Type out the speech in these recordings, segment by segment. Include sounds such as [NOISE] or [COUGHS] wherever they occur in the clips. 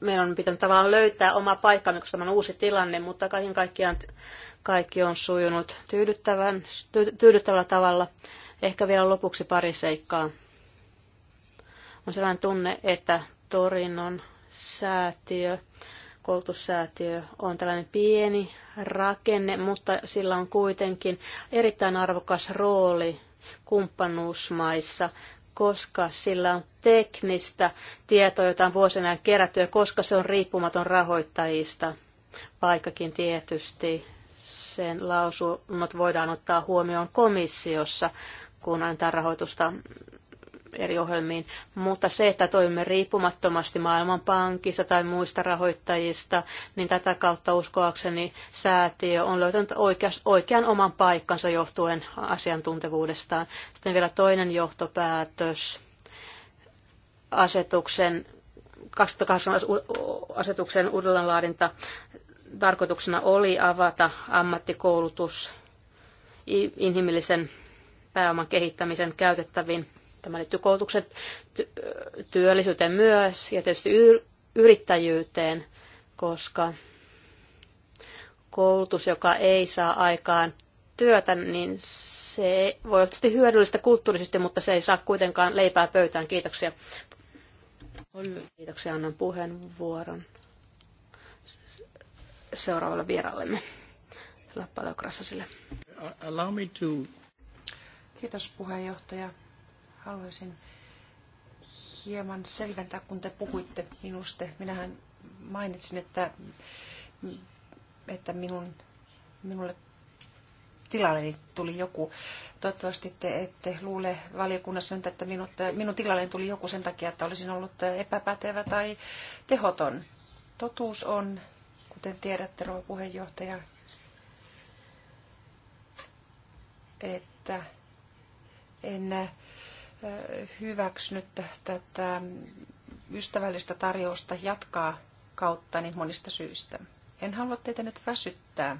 meidän on pitänyt tavallaan löytää oma paikka, koska tämä on uusi tilanne, mutta kaiken kaikkiaan kaikki on sujunut tyydyttävän, tyydyttävällä tavalla. Ehkä vielä lopuksi pari seikkaa. On sellainen tunne, että Torinon säätiö, koulutussäätiö on tällainen pieni rakenne, mutta sillä on kuitenkin erittäin arvokas rooli kumppanuusmaissa koska sillä on teknistä tietoa, jota on vuosina kerätty, ja koska se on riippumaton rahoittajista, vaikkakin tietysti sen lausunnot voidaan ottaa huomioon komissiossa, kun annetaan rahoitusta eri ohjelmiin, mutta se, että toimimme riippumattomasti Maailmanpankista tai muista rahoittajista, niin tätä kautta uskoakseni säätiö on löytänyt oikean oman paikkansa johtuen asiantuntevuudestaan. Sitten vielä toinen johtopäätös asetuksen 2008 asetuksen uudelleenlaadinta tarkoituksena oli avata ammattikoulutus inhimillisen pääoman kehittämisen käytettäviin Tämä liittyy koulutuksen työllisyyteen myös ja tietysti yrittäjyyteen, koska koulutus, joka ei saa aikaan työtä, niin se voi olla tietysti hyödyllistä kulttuurisesti, mutta se ei saa kuitenkaan leipää pöytään. Kiitoksia. Kiitoksia, annan puheenvuoron seuraavalle vieraallemme, Allow me to... Kiitos puheenjohtaja haluaisin hieman selventää, kun te puhuitte minusta. Minähän mainitsin, että, että minun, minulle tilalleni tuli joku. Toivottavasti te ette luule valiokunnassa nyt, että minut, minun tilalleni tuli joku sen takia, että olisin ollut epäpätevä tai tehoton. Totuus on, kuten tiedätte, rouva puheenjohtaja, että en hyväksynyt tätä ystävällistä tarjousta jatkaa kautta niin monista syistä. En halua teitä nyt väsyttää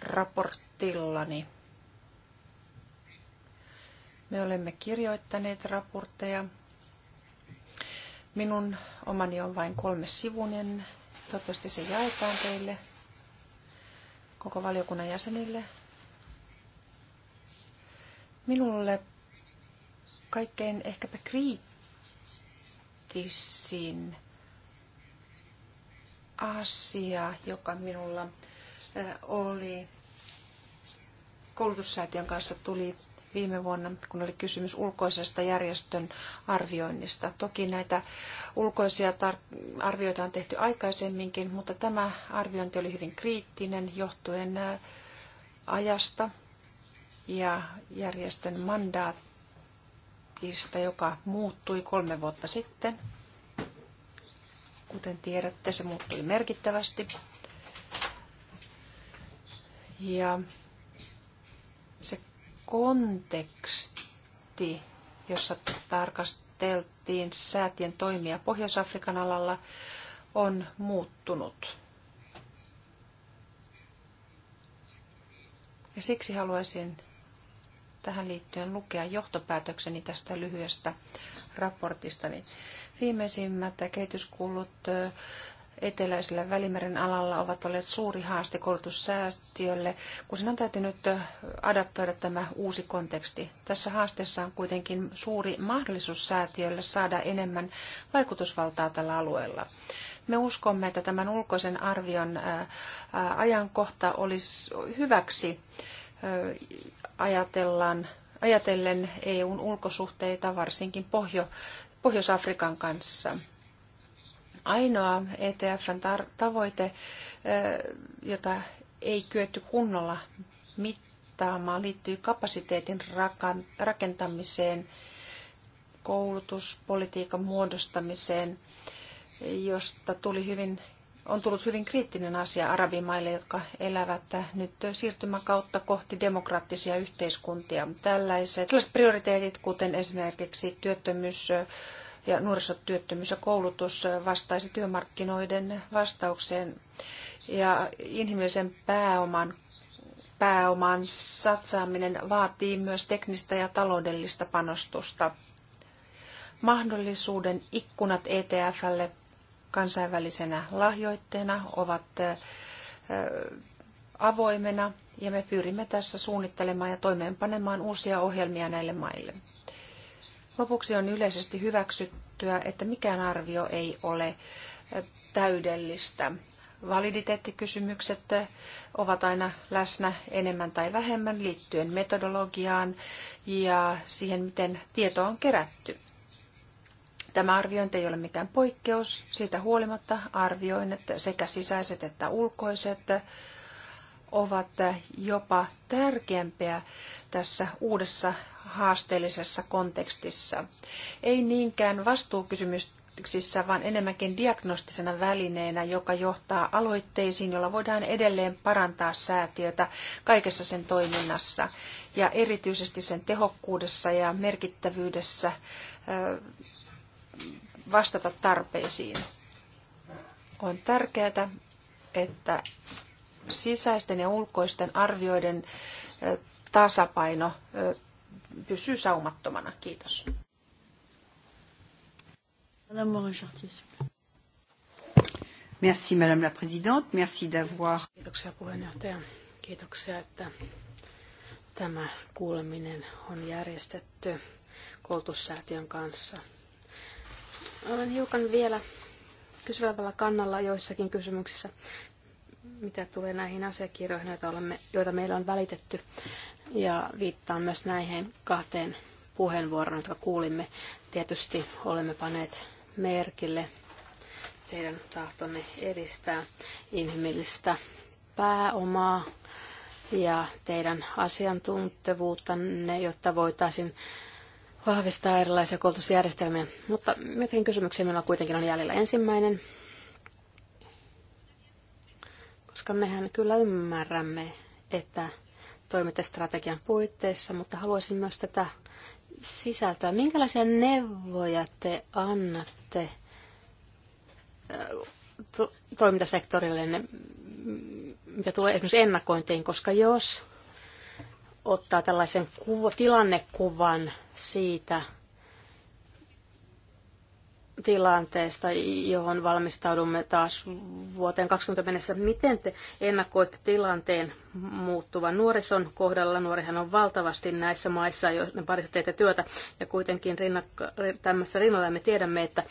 raportillani. Me olemme kirjoittaneet raportteja. Minun omani on vain kolme sivunen. Toivottavasti se jaetaan teille, koko valiokunnan jäsenille. Minulle kaikkein ehkäpä kriittisin asia, joka minulla oli koulutussäätiön kanssa tuli viime vuonna, kun oli kysymys ulkoisesta järjestön arvioinnista. Toki näitä ulkoisia arvioita on tehty aikaisemminkin, mutta tämä arviointi oli hyvin kriittinen johtuen ajasta ja järjestön mandaatti paketista, joka muuttui kolme vuotta sitten. Kuten tiedätte, se muuttui merkittävästi. Ja se konteksti, jossa tarkasteltiin säätien toimia Pohjois-Afrikan alalla, on muuttunut. Ja siksi haluaisin tähän liittyen lukea johtopäätökseni tästä lyhyestä raportistani. Viimeisimmät kehityskulut eteläisellä Välimeren alalla ovat olleet suuri haaste koulutussäästiölle, kun sen on täytynyt adaptoida tämä uusi konteksti. Tässä haasteessa on kuitenkin suuri mahdollisuus säätiölle saada enemmän vaikutusvaltaa tällä alueella. Me uskomme, että tämän ulkoisen arvion ajankohta olisi hyväksi ajatellaan, ajatellen EUn ulkosuhteita, varsinkin Pohjo, Pohjois-Afrikan kanssa. Ainoa ETFn tavoite, jota ei kyetty kunnolla mittaamaan, liittyy kapasiteetin rakentamiseen, koulutuspolitiikan muodostamiseen, josta tuli hyvin on tullut hyvin kriittinen asia arabimaille, jotka elävät nyt siirtymäkautta kohti demokraattisia yhteiskuntia. Tällaiset sellaiset prioriteetit, kuten esimerkiksi työttömyys ja nuorisotyöttömyys ja koulutus vastaisi työmarkkinoiden vastaukseen ja inhimillisen pääoman pääoman satsaaminen vaatii myös teknistä ja taloudellista panostusta. Mahdollisuuden ikkunat ETFlle kansainvälisenä lahjoitteena ovat avoimena ja me pyrimme tässä suunnittelemaan ja toimeenpanemaan uusia ohjelmia näille maille. Lopuksi on yleisesti hyväksyttyä, että mikään arvio ei ole täydellistä. Validiteettikysymykset ovat aina läsnä enemmän tai vähemmän liittyen metodologiaan ja siihen, miten tieto on kerätty. Tämä arviointi ei ole mikään poikkeus. Siitä huolimatta arvioin, että sekä sisäiset että ulkoiset ovat jopa tärkeämpiä tässä uudessa haasteellisessa kontekstissa. Ei niinkään vastuukysymyksissä, vaan enemmänkin diagnostisena välineenä, joka johtaa aloitteisiin, jolla voidaan edelleen parantaa säätiötä kaikessa sen toiminnassa ja erityisesti sen tehokkuudessa ja merkittävyydessä vastata tarpeisiin. On tärkeää, että sisäisten ja ulkoisten arvioiden tasapaino pysyy saumattomana. Kiitos. Merci Madame la Présidente, merci d'avoir... Kiitoksia puheenjohtaja. Kiitoksia, että tämä kuuleminen on järjestetty koulutussäätiön kanssa – olen hiukan vielä kysyvällä kannalla joissakin kysymyksissä, mitä tulee näihin asiakirjoihin, joita, olemme, joita meillä on välitetty. Ja viittaan myös näihin kahteen puheenvuoroon, jotka kuulimme. Tietysti olemme paneet merkille teidän tahtonne edistää inhimillistä pääomaa ja teidän asiantuntevuuttanne, jotta voitaisiin vahvistaa erilaisia koulutusjärjestelmiä. Mutta jotenkin kysymyksiä meillä kuitenkin on jäljellä ensimmäinen. Koska mehän kyllä ymmärrämme, että toimitte strategian puitteissa, mutta haluaisin myös tätä sisältöä. Minkälaisia neuvoja te annatte toimintasektorille, mitä tulee esimerkiksi ennakointiin, koska jos ottaa tällaisen kuva, tilannekuvan siitä tilanteesta, johon valmistaudumme taas vuoteen 20 mennessä. Miten te ennakoitte tilanteen muuttuvan nuorison kohdalla? Nuorihan on valtavasti näissä maissa, joiden parissa teette työtä, ja kuitenkin rinnakka, tämmöisessä rinnalla me tiedämme, että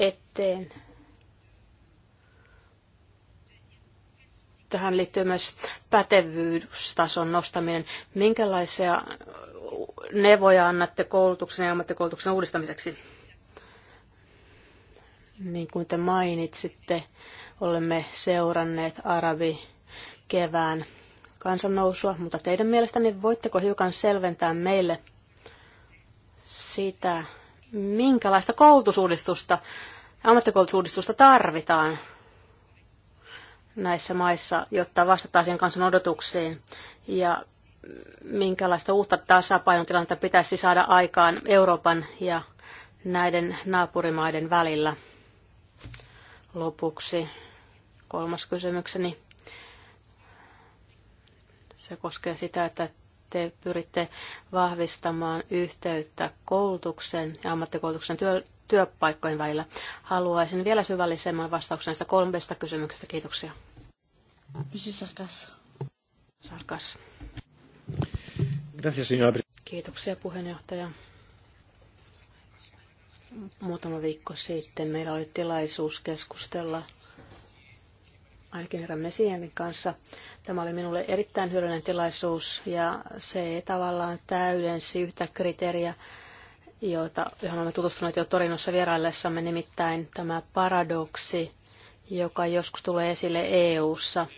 eteen tähän liittyy myös pätevyystason nostaminen. Minkälaisia neuvoja annatte koulutuksen ja ammattikoulutuksen uudistamiseksi? Niin kuin te mainitsitte, olemme seuranneet arabi kevään kansannousua, mutta teidän mielestänne voitteko hiukan selventää meille sitä, minkälaista koulutusuudistusta, ammattikoulutusuudistusta tarvitaan näissä maissa, jotta vastataan siihen kansan odotuksiin ja minkälaista uutta tasapainotilannetta pitäisi saada aikaan Euroopan ja näiden naapurimaiden välillä. Lopuksi kolmas kysymykseni. Se koskee sitä, että te pyritte vahvistamaan yhteyttä koulutuksen ja ammattikoulutuksen työ, työpaikkojen välillä. Haluaisin vielä syvällisemmän vastauksen näistä kolmesta kysymyksestä. Kiitoksia. Sarkas. Sarkas. Kiitoksia puheenjohtaja. Muutama viikko sitten meillä oli tilaisuus keskustella ainakin herran Mesianin kanssa. Tämä oli minulle erittäin hyödyllinen tilaisuus ja se tavallaan täydensi yhtä kriteeriä, joita, johon olemme tutustuneet jo Torinossa vieraillessamme, nimittäin tämä paradoksi, joka joskus tulee esille EU-ssa –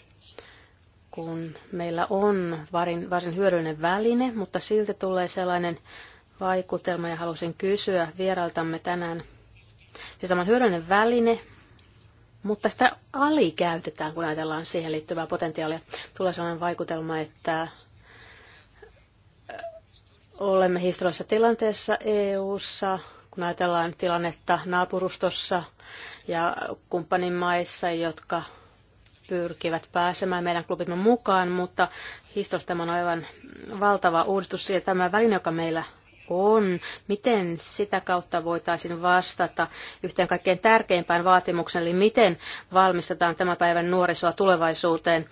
kun meillä on varin, varsin hyödyllinen väline, mutta silti tulee sellainen vaikutelma ja halusin kysyä vierailtamme tänään. Siis tämä on hyödyllinen väline, mutta sitä alikäytetään, kun ajatellaan siihen liittyvää potentiaalia. Tulee sellainen vaikutelma, että äh, olemme historiallisessa tilanteessa EU:ssa, kun ajatellaan tilannetta naapurustossa ja kumppanimaissa, jotka pyrkivät pääsemään meidän klubimme mukaan, mutta historiassa tämä on aivan valtava uudistus ja tämä väline, joka meillä on. Miten sitä kautta voitaisiin vastata yhteen kaikkein tärkeimpään vaatimukseen, eli miten valmistetaan tämän päivän nuorisoa tulevaisuuteen?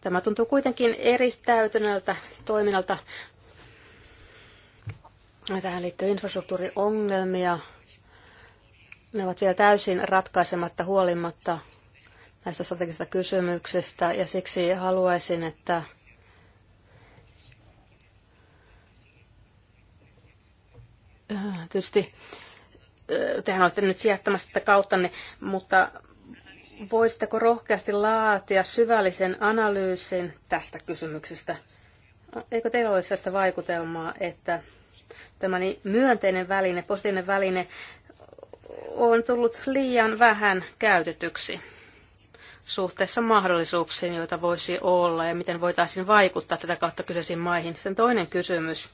Tämä tuntuu kuitenkin eristäytyneeltä toiminnalta. Tähän liittyy infrastruktuuriongelmia. Ne ovat vielä täysin ratkaisematta huolimatta näistä strategisista kysymyksistä ja siksi haluaisin, että tietysti äh, tehän olette nyt jättämässä tätä kauttanne, mutta voisitteko rohkeasti laatia syvällisen analyysin tästä kysymyksestä? Eikö teillä ole sellaista vaikutelmaa, että tämä niin myönteinen väline, positiivinen väline on tullut liian vähän käytetyksi? suhteessa mahdollisuuksiin, joita voisi olla ja miten voitaisiin vaikuttaa tätä kautta kyseisiin maihin. Sitten toinen kysymys,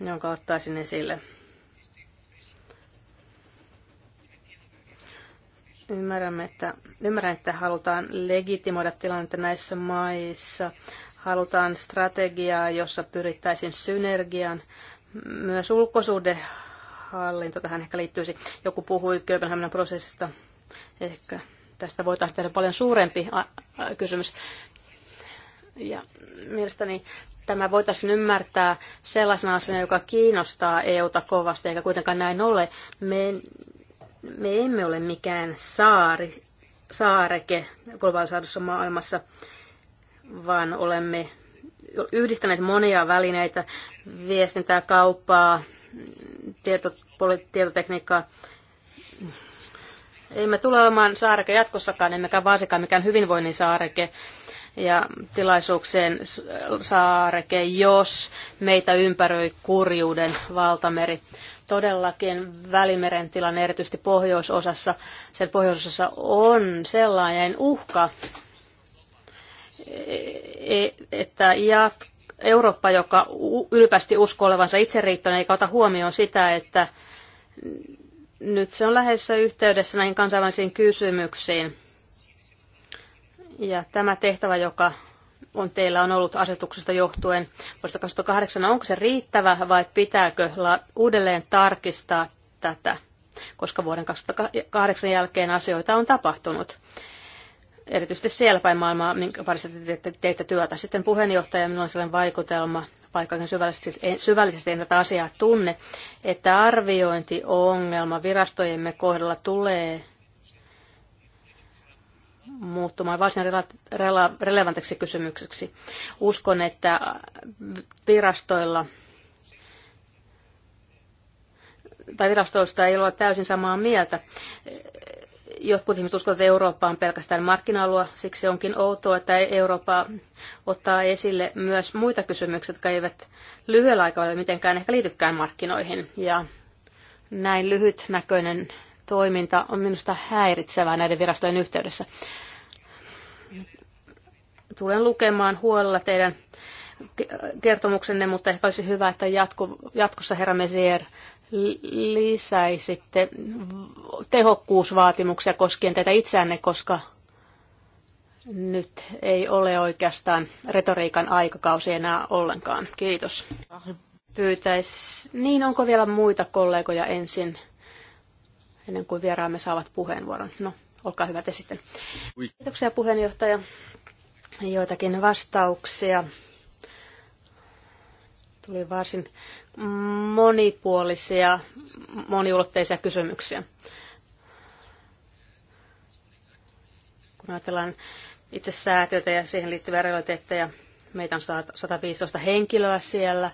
jonka ottaisin esille. Ymmärrämme, että, ymmärrän, että halutaan legitimoida tilannetta näissä maissa. Halutaan strategiaa, jossa pyrittäisiin synergian. Myös ulkosuhdehallinto tähän ehkä liittyisi. Joku puhui Kööpenhaminan prosessista. Ehkä tästä voitaisiin tehdä paljon suurempi kysymys. Ja mielestäni tämä voitaisiin ymmärtää sellaisena asiana, joka kiinnostaa EUta kovasti, eikä kuitenkaan näin ole. Me, me emme ole mikään saari, saareke globaalisaadussa maailmassa, vaan olemme yhdistäneet monia välineitä, viestintää, kauppaa, tietotekniikkaa, emme tule olemaan saareke jatkossakaan, emmekä varsinkaan mikään hyvinvoinnin saareke ja tilaisuukseen saareke, jos meitä ympäröi kurjuuden valtameri. Todellakin Välimeren tilanne, erityisesti pohjoisosassa, sen pohjoisosassa on sellainen uhka, e- e- että jat- Eurooppa, joka ylpästi uskoo olevansa itseriittoinen, eikä ota huomioon sitä, että nyt se on läheisessä yhteydessä näihin kansainvälisiin kysymyksiin. Ja tämä tehtävä, joka on teillä on ollut asetuksesta johtuen vuodesta 2008, onko se riittävä vai pitääkö uudelleen tarkistaa tätä, koska vuoden 2008 jälkeen asioita on tapahtunut. Erityisesti siellä päin maailmaa, minkä parissa te teette työtä. Sitten puheenjohtaja, minulla on sellainen vaikutelma, vaikka syvällisesti, syvällisesti en tätä asiaa tunne, että arviointiongelma virastojemme kohdalla tulee muuttumaan varsin rela- relevantiksi kysymykseksi. Uskon, että virastoilla tai virastoista ei ole täysin samaa mieltä jotkut ihmiset uskovat, että Eurooppa on pelkästään markkina-alue, siksi onkin outoa, että Eurooppa ottaa esille myös muita kysymyksiä, jotka eivät lyhyellä aikavälillä mitenkään ehkä liitykään markkinoihin. Ja näin lyhytnäköinen toiminta on minusta häiritsevää näiden virastojen yhteydessä. Tulen lukemaan huolella teidän kertomuksenne, mutta ehkä olisi hyvä, että jatkossa herra Mesier lisäisitte tehokkuusvaatimuksia koskien tätä itseänne, koska nyt ei ole oikeastaan retoriikan aikakausi enää ollenkaan. Kiitos. Pyytäis, niin onko vielä muita kollegoja ensin, ennen kuin vieraamme saavat puheenvuoron? No, olkaa hyvä te sitten. Kiitoksia puheenjohtaja. Joitakin vastauksia. Tuli varsin monipuolisia, moniulotteisia kysymyksiä. Kun ajatellaan itse säätiötä ja siihen liittyviä realiteetteja, meitä on 115 henkilöä siellä,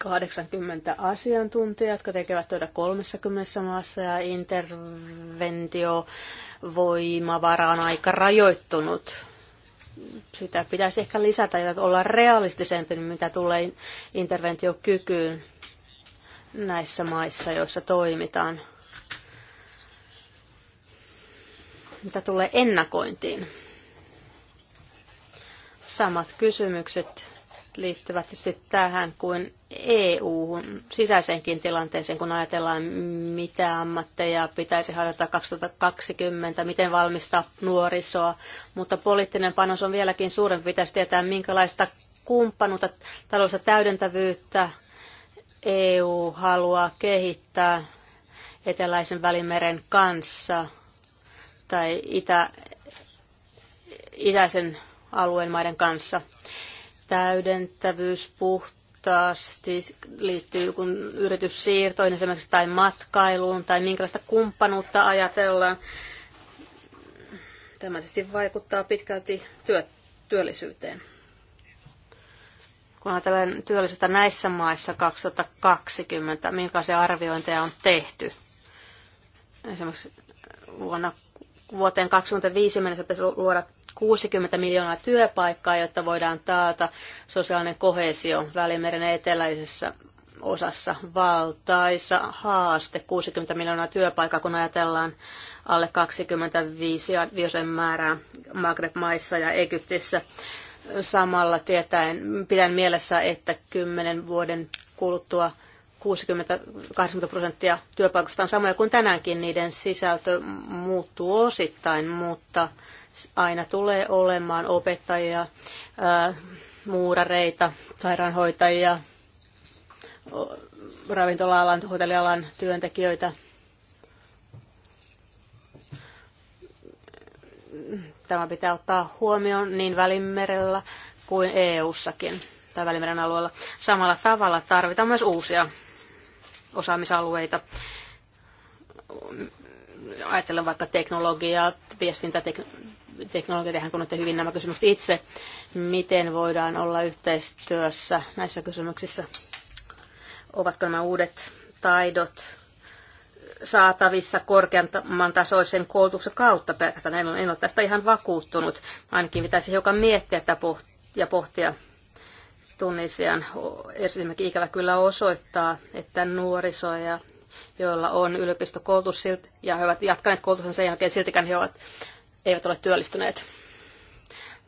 80 asiantuntijaa, jotka tekevät töitä 30 maassa ja interventiovoimavara on aika rajoittunut sitä pitäisi ehkä lisätä ja olla realistisempi, mitä tulee interventiokykyyn näissä maissa, joissa toimitaan. Mitä tulee ennakointiin? Samat kysymykset liittyvät tietysti tähän kuin EU-hun sisäiseenkin tilanteeseen, kun ajatellaan, mitä ammatteja pitäisi harjoittaa 2020, miten valmistaa nuorisoa, mutta poliittinen panos on vieläkin suurempi. Pitäisi tietää, minkälaista kumppanuutta, taloudellista täydentävyyttä EU haluaa kehittää eteläisen välimeren kanssa tai itä, itäisen alueen maiden kanssa täydentävyys puhtaasti liittyy kun yrityssiirtoihin esimerkiksi tai matkailuun tai minkälaista kumppanuutta ajatellaan. Tämä tietysti vaikuttaa pitkälti työ, työllisyyteen. Kun ajatellaan työllisyyttä näissä maissa 2020, minkälaisia arviointeja on tehty? Esimerkiksi vuonna vuoteen 2005 mennessä pitäisi luoda 60 miljoonaa työpaikkaa, jotta voidaan taata sosiaalinen kohesio Välimeren eteläisessä osassa valtaisa haaste, 60 miljoonaa työpaikkaa, kun ajatellaan alle 25 vuosien määrää magreb maissa ja Egyptissä. Samalla tietäen, pidän mielessä, että 10 vuoden kuluttua – 60-80 prosenttia työpaikoista on samoja kuin tänäänkin. Niiden sisältö muuttuu osittain, mutta aina tulee olemaan opettajia, muurareita, sairaanhoitajia, ravintola-alan, hotellialan työntekijöitä. Tämä pitää ottaa huomioon niin Välimerellä kuin EU-sakin tai Välimeren alueella. Samalla tavalla tarvitaan myös uusia osaamisalueita. Ajattelen vaikka teknologiaa, viestintäteknologiaa, tehän tunnette hyvin nämä kysymykset itse. Miten voidaan olla yhteistyössä näissä kysymyksissä? Ovatko nämä uudet taidot saatavissa korkeamman tasoisen koulutuksen kautta pelkästään. En ole, tästä ihan vakuuttunut. Ainakin pitäisi hiukan miettiä ja pohtia Tunisian esimerkiksi ikävä kyllä osoittaa, että nuorisoja, joilla on yliopistokoulutus ja he ovat jatkaneet koulutuksen sen jälkeen, siltikään he ovat, eivät ole työllistyneet.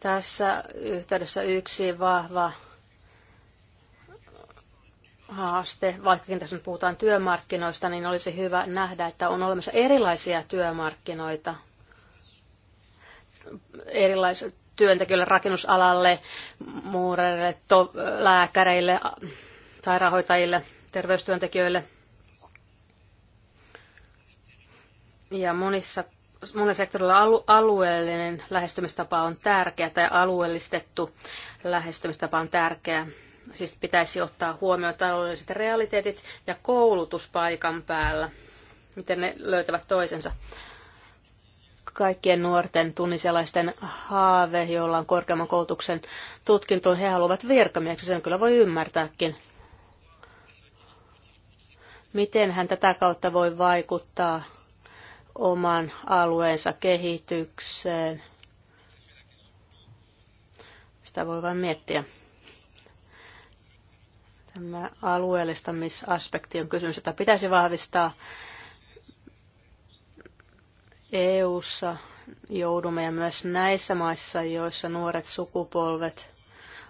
Tässä yhteydessä yksi vahva haaste, vaikkakin tässä nyt puhutaan työmarkkinoista, niin olisi hyvä nähdä, että on olemassa erilaisia työmarkkinoita. Erilaiset työntekijöille rakennusalalle, muureille, to- lääkäreille, sairaanhoitajille, terveystyöntekijöille. Ja monissa monilla sektorilla alueellinen lähestymistapa on tärkeä tai alueellistettu lähestymistapa on tärkeä. Siis pitäisi ottaa huomioon taloudelliset realiteetit ja koulutuspaikan päällä, miten ne löytävät toisensa kaikkien nuorten tunisialaisten haave, jolla on korkeamman koulutuksen tutkintoon. He haluavat virkamieksi, sen kyllä voi ymmärtääkin. Miten hän tätä kautta voi vaikuttaa oman alueensa kehitykseen? Sitä voi vain miettiä. Tämä alueellistamisaspekti on kysymys, jota pitäisi vahvistaa EU:ssa joudumme ja myös näissä maissa, joissa nuoret sukupolvet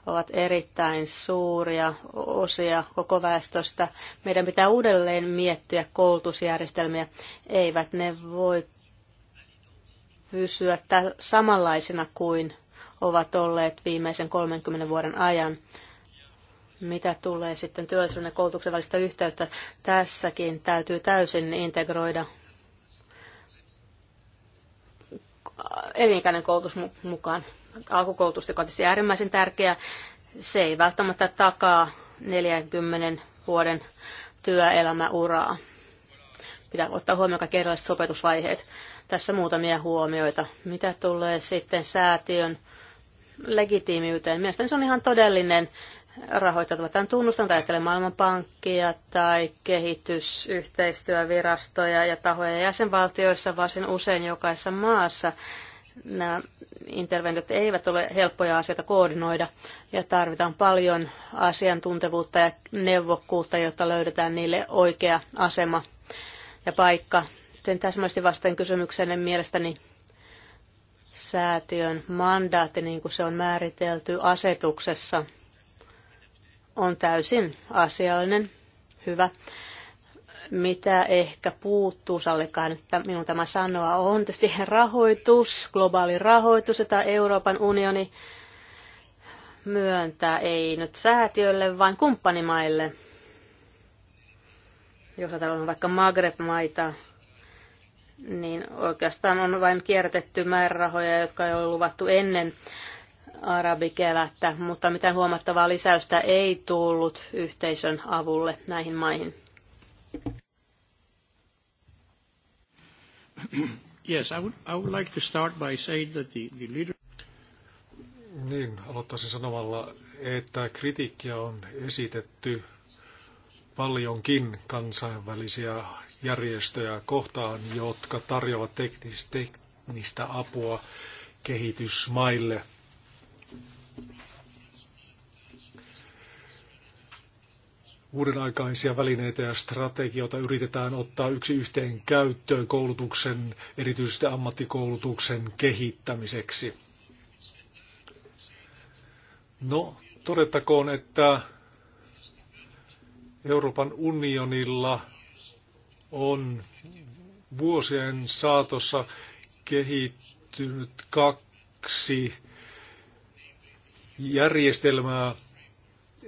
ovat erittäin suuria osia koko väestöstä. Meidän pitää uudelleen miettiä koulutusjärjestelmiä. Eivät ne voi pysyä samanlaisina kuin ovat olleet viimeisen 30 vuoden ajan. Mitä tulee sitten työllisyyden ja koulutuksen välistä yhteyttä, tässäkin täytyy täysin integroida elinikäinen koulutus mukaan. Alkukoulutus, joka on tietysti äärimmäisen tärkeä, se ei välttämättä takaa 40 vuoden työelämäuraa. Pitää ottaa huomioon kaikki erilaiset sopetusvaiheet. Tässä muutamia huomioita. Mitä tulee sitten säätiön legitiimiyteen? Mielestäni se on ihan todellinen rahoittavat ovat tämän tunnustaneet, ajattelen maailmanpankkia tai kehitysyhteistyövirastoja ja tahoja jäsenvaltioissa, varsin usein jokaisessa maassa nämä interventiot eivät ole helppoja asioita koordinoida ja tarvitaan paljon asiantuntevuutta ja neuvokkuutta, jotta löydetään niille oikea asema ja paikka. Tein täsmällisesti vastaan kysymykseen mielestäni säätiön mandaatti, niin kuin se on määritelty asetuksessa – on täysin asiallinen, hyvä. Mitä ehkä puuttuu, sallikaa nyt minun tämä sanoa, on tietysti rahoitus, globaali rahoitus, jota Euroopan unioni myöntää ei nyt säätiölle, vaan kumppanimaille. Jos on vaikka Maghreb-maita, niin oikeastaan on vain kierrätetty määrärahoja, jotka ei ole luvattu ennen arabikevättä, mutta mitään huomattavaa lisäystä ei tullut yhteisön avulle näihin maihin. Yes, I would, I would like to start by saying that the, the leader... Niin, aloittaisin sanomalla, että kritiikkiä on esitetty paljonkin kansainvälisiä järjestöjä kohtaan, jotka tarjoavat teknistä apua kehitysmaille – uuden aikaisia välineitä ja strategioita yritetään ottaa yksi yhteen käyttöön koulutuksen, erityisesti ammattikoulutuksen kehittämiseksi. No, todettakoon, että Euroopan unionilla on vuosien saatossa kehittynyt kaksi järjestelmää,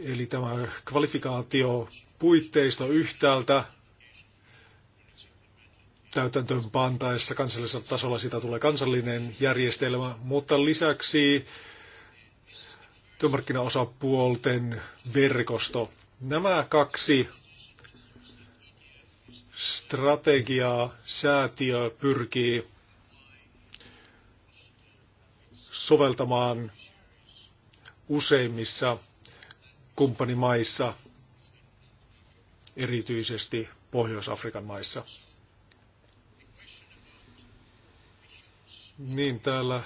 Eli tämä kvalifikaatio puitteista yhtäältä täytäntöön pantaessa kansallisella tasolla sitä tulee kansallinen järjestelmä, mutta lisäksi työmarkkinaosapuolten verkosto. Nämä kaksi strategiaa säätiö pyrkii soveltamaan useimmissa kumppanimaissa, erityisesti Pohjois-Afrikan maissa. Niin täällä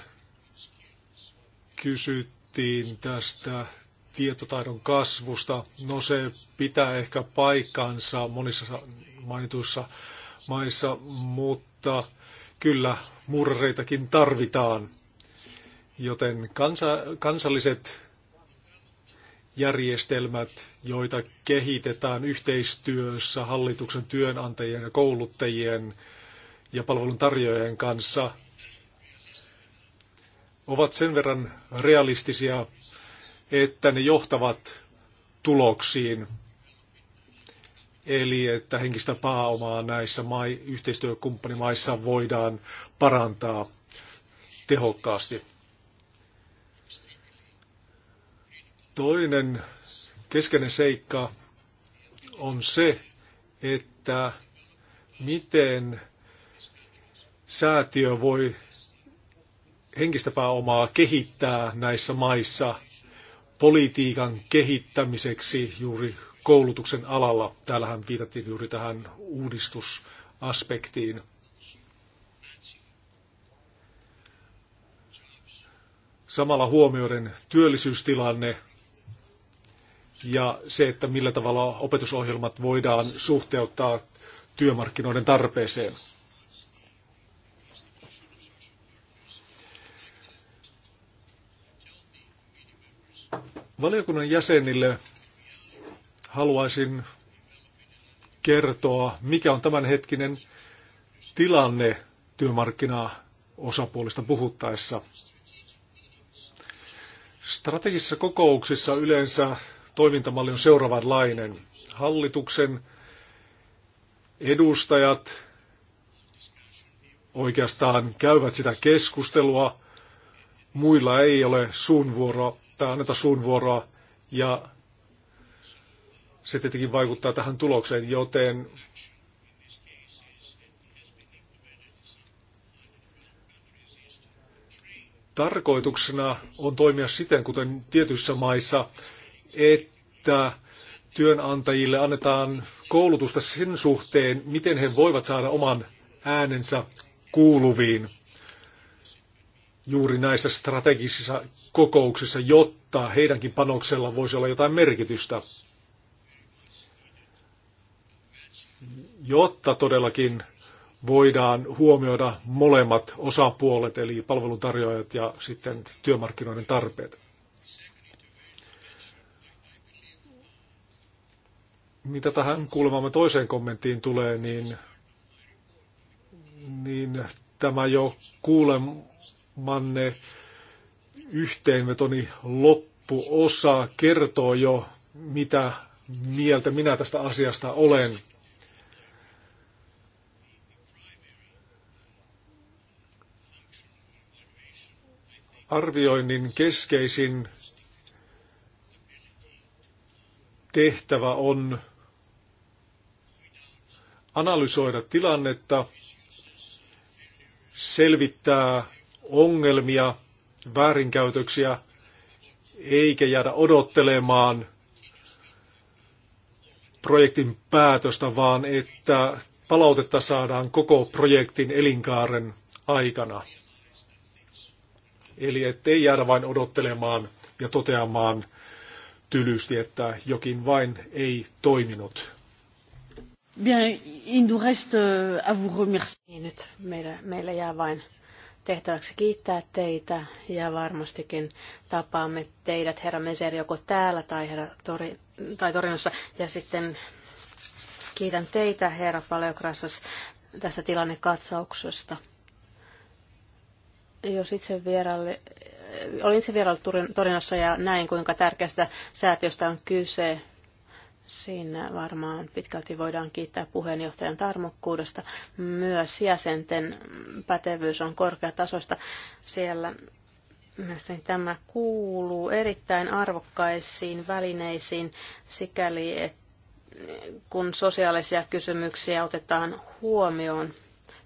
kysyttiin tästä tietotaidon kasvusta. No se pitää ehkä paikkansa monissa mainituissa maissa, mutta kyllä murreitakin tarvitaan. Joten kansa, kansalliset järjestelmät, joita kehitetään yhteistyössä hallituksen työnantajien ja kouluttajien ja palveluntarjoajien kanssa, ovat sen verran realistisia, että ne johtavat tuloksiin. Eli että henkistä pääomaa näissä mai, yhteistyökumppanimaissa voidaan parantaa tehokkaasti. Toinen keskeinen seikka on se, että miten säätiö voi henkistä pääomaa kehittää näissä maissa politiikan kehittämiseksi juuri koulutuksen alalla. Täällähän viitattiin juuri tähän uudistusaspektiin. Samalla huomioiden työllisyystilanne ja se, että millä tavalla opetusohjelmat voidaan suhteuttaa työmarkkinoiden tarpeeseen. Valiokunnan jäsenille haluaisin kertoa, mikä on tämänhetkinen tilanne työmarkkinaa osapuolista puhuttaessa. Strategisissa kokouksissa yleensä toimintamalli on seuraavanlainen. Hallituksen edustajat oikeastaan käyvät sitä keskustelua. Muilla ei ole suunvuoroa tai anneta suunvuoroa ja se tietenkin vaikuttaa tähän tulokseen, joten tarkoituksena on toimia siten, kuten tietyissä maissa että työnantajille annetaan koulutusta sen suhteen, miten he voivat saada oman äänensä kuuluviin juuri näissä strategisissa kokouksissa, jotta heidänkin panoksella voisi olla jotain merkitystä. Jotta todellakin voidaan huomioida molemmat osapuolet, eli palveluntarjoajat ja sitten työmarkkinoiden tarpeet. Mitä tähän kuulemamme toiseen kommenttiin tulee, niin, niin tämä jo kuulemanne yhteenvetoni loppuosa kertoo jo, mitä mieltä minä tästä asiasta olen. Arvioinnin keskeisin tehtävä on analysoida tilannetta, selvittää ongelmia, väärinkäytöksiä, eikä jäädä odottelemaan projektin päätöstä, vaan että palautetta saadaan koko projektin elinkaaren aikana. Eli ettei jäädä vain odottelemaan ja toteamaan tylysti, että jokin vain ei toiminut. Bien, il nous reste euh, à vous remercier. Niin, nyt meillä, meillä jää vain tehtäväksi kiittää teitä ja varmastikin tapaamme teidät, herra Meseri, joko täällä tai, herra Tori, tai Torinossa. Ja sitten kiitän teitä, herra Paleokrassas, tästä tilannekatsauksesta. Jos itse vieralle olin itse vieraillut Torinossa ja näin, kuinka tärkeästä säätiöstä on kyse Siinä varmaan pitkälti voidaan kiittää puheenjohtajan tarmokkuudesta. Myös jäsenten pätevyys on korkeatasoista. Siellä mielestäni tämä kuuluu erittäin arvokkaisiin välineisiin sikäli, että kun sosiaalisia kysymyksiä otetaan huomioon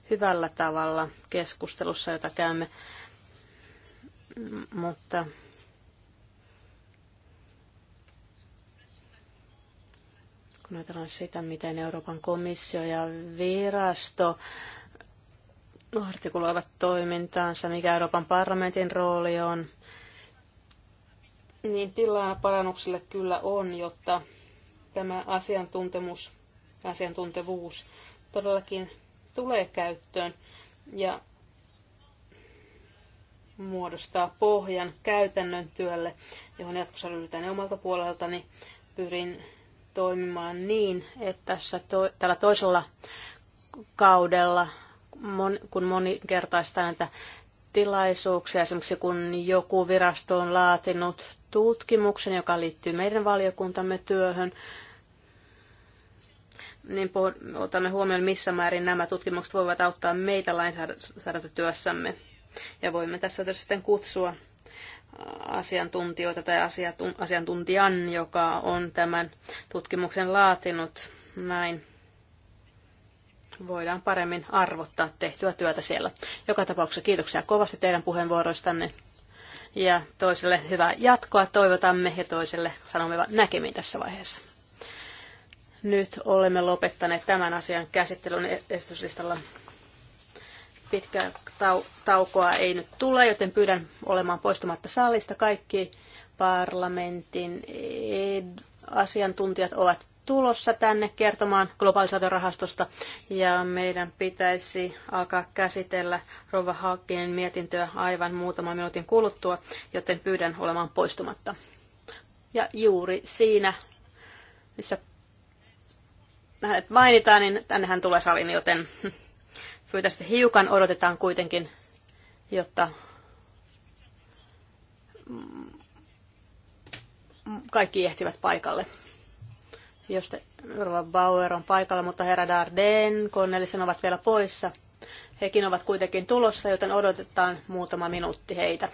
hyvällä tavalla keskustelussa, jota käymme. Mutta kun ajatellaan sitä, miten Euroopan komissio ja virasto artikuloivat toimintaansa, mikä Euroopan parlamentin rooli on, niin tilaa parannuksille kyllä on, jotta tämä asiantuntemus, asiantuntevuus todellakin tulee käyttöön ja muodostaa pohjan käytännön työlle, johon jatkossa ryhdytään omalta puoleltani. Pyrin toimimaan niin, että tässä to, tällä toisella kaudella, mon, kun moninkertaistaa näitä tilaisuuksia, esimerkiksi kun joku virasto on laatinut tutkimuksen, joka liittyy meidän valiokuntamme työhön, niin otamme huomioon, missä määrin nämä tutkimukset voivat auttaa meitä lainsäädäntötyössämme. Ja voimme tässä sitten kutsua asiantuntijoita tai asiantuntijan, joka on tämän tutkimuksen laatinut. Näin voidaan paremmin arvottaa tehtyä työtä siellä. Joka tapauksessa kiitoksia kovasti teidän puheenvuoroistanne ja toiselle hyvää jatkoa toivotamme ja toiselle sanomme näkemiin tässä vaiheessa. Nyt olemme lopettaneet tämän asian käsittelyn e-, estyslistalla. Pitkää tau- taukoa ei nyt tule, joten pyydän olemaan poistumatta sallista. Kaikki parlamentin asiantuntijat ovat tulossa tänne kertomaan globalisaatiorahastosta ja meidän pitäisi alkaa käsitellä Rova Hakkinen mietintöä aivan muutaman minuutin kuluttua, joten pyydän olemaan poistumatta. Ja juuri siinä, missä hänet mainitaan, niin tännehän tulee salin, joten Pyytäisitte hiukan odotetaan kuitenkin, jotta kaikki ehtivät paikalle. Jos te, Rova Bauer on paikalla, mutta herra Darden, Cornelissen ovat vielä poissa. Hekin ovat kuitenkin tulossa, joten odotetaan muutama minuutti heitä.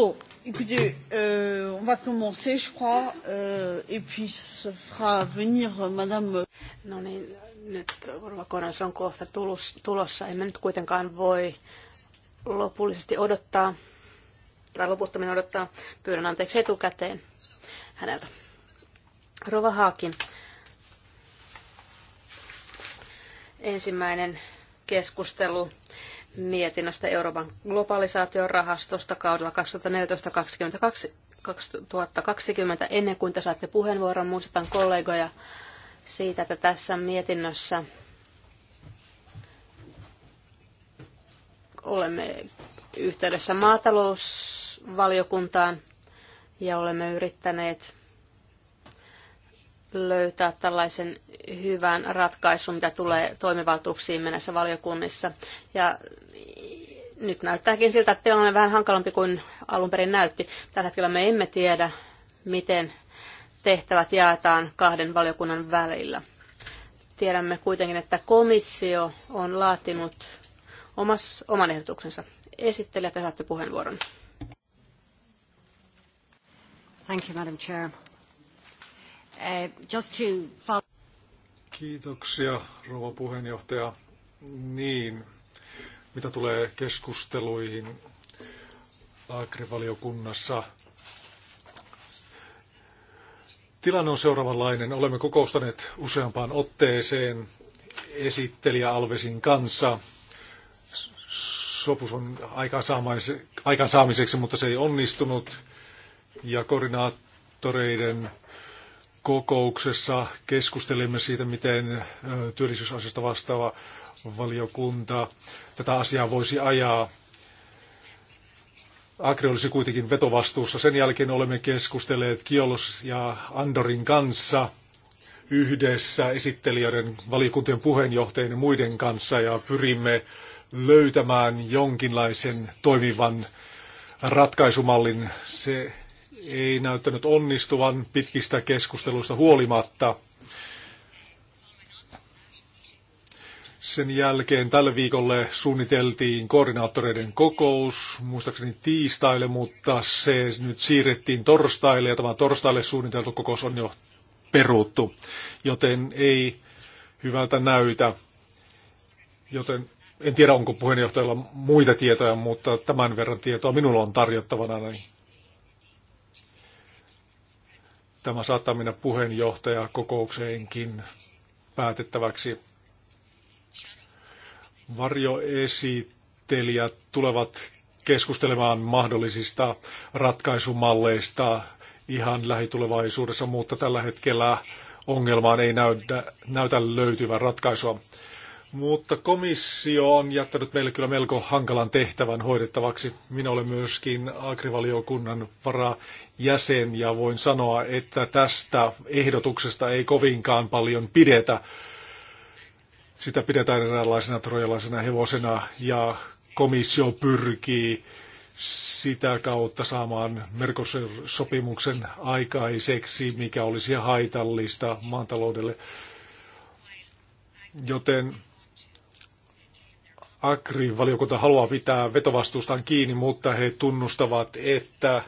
Bon, écoutez, euh, on va commencer, je crois, euh, et puis se fera venir euh, Madame. Euh, non, niin, nyt ruokonas on kohta tulossa. Emme nyt kuitenkaan voi lopullisesti odottaa, tai loputtomin odottaa. Pyydän anteeksi etukäteen häneltä. Rova Haakin. Ensimmäinen keskustelu mietinnöstä Euroopan globalisaatiorahastosta kaudella 2014-2020. Ennen kuin te saatte puheenvuoron, muistutan kollegoja siitä, että tässä mietinnössä olemme yhteydessä maatalousvaliokuntaan ja olemme yrittäneet löytää tällaisen hyvän ratkaisun, mitä tulee toimivaltuuksiin mennessä valiokunnissa. Ja nyt näyttääkin siltä, että tilanne on vähän hankalampi kuin alun perin näytti. Tällä hetkellä me emme tiedä, miten tehtävät jaetaan kahden valiokunnan välillä. Tiedämme kuitenkin, että komissio on laatinut omas, oman ehdotuksensa. Esittelijä, te saatte puheenvuoron. Thank you, Madam Chair. Uh, just to follow... Kiitoksia, rouva puheenjohtaja. Niin, mitä tulee keskusteluihin agrivaliokunnassa, tilanne on seuraavanlainen. Olemme kokoustaneet useampaan otteeseen esittelijä Alvesin kanssa Sopus on aikaansaamiseksi, mutta se ei onnistunut. Ja koordinaattoreiden kokouksessa keskustelimme siitä, miten työllisyysasiasta vastaava valiokunta tätä asiaa voisi ajaa. Agri olisi kuitenkin vetovastuussa. Sen jälkeen olemme keskustelleet Kiolos ja Andorin kanssa yhdessä esittelijöiden, valiokuntien puheenjohtajien ja muiden kanssa ja pyrimme löytämään jonkinlaisen toimivan ratkaisumallin. Se ei näyttänyt onnistuvan pitkistä keskusteluista huolimatta. Sen jälkeen tälle viikolle suunniteltiin koordinaattoreiden kokous, muistaakseni tiistaille, mutta se nyt siirrettiin torstaille ja tämä torstaille suunniteltu kokous on jo peruttu, joten ei hyvältä näytä. Joten en tiedä, onko puheenjohtajalla muita tietoja, mutta tämän verran tietoa minulla on tarjottavana. Niin tämä saattaa mennä puheenjohtajakokoukseenkin päätettäväksi. Varjoesittelijät tulevat keskustelemaan mahdollisista ratkaisumalleista ihan lähitulevaisuudessa, mutta tällä hetkellä ongelmaan ei näytä, näytä löytyvän ratkaisua. Mutta komissio on jättänyt meille kyllä melko hankalan tehtävän hoidettavaksi. Minä olen myöskin agrivaliokunnan varajäsen ja voin sanoa, että tästä ehdotuksesta ei kovinkaan paljon pidetä sitä pidetään eräänlaisena trojalaisena hevosena ja komissio pyrkii sitä kautta saamaan Mercosur-sopimuksen aikaiseksi, mikä olisi haitallista maantaloudelle. Joten Agri-valiokunta haluaa pitää vetovastuustaan kiinni, mutta he tunnustavat, että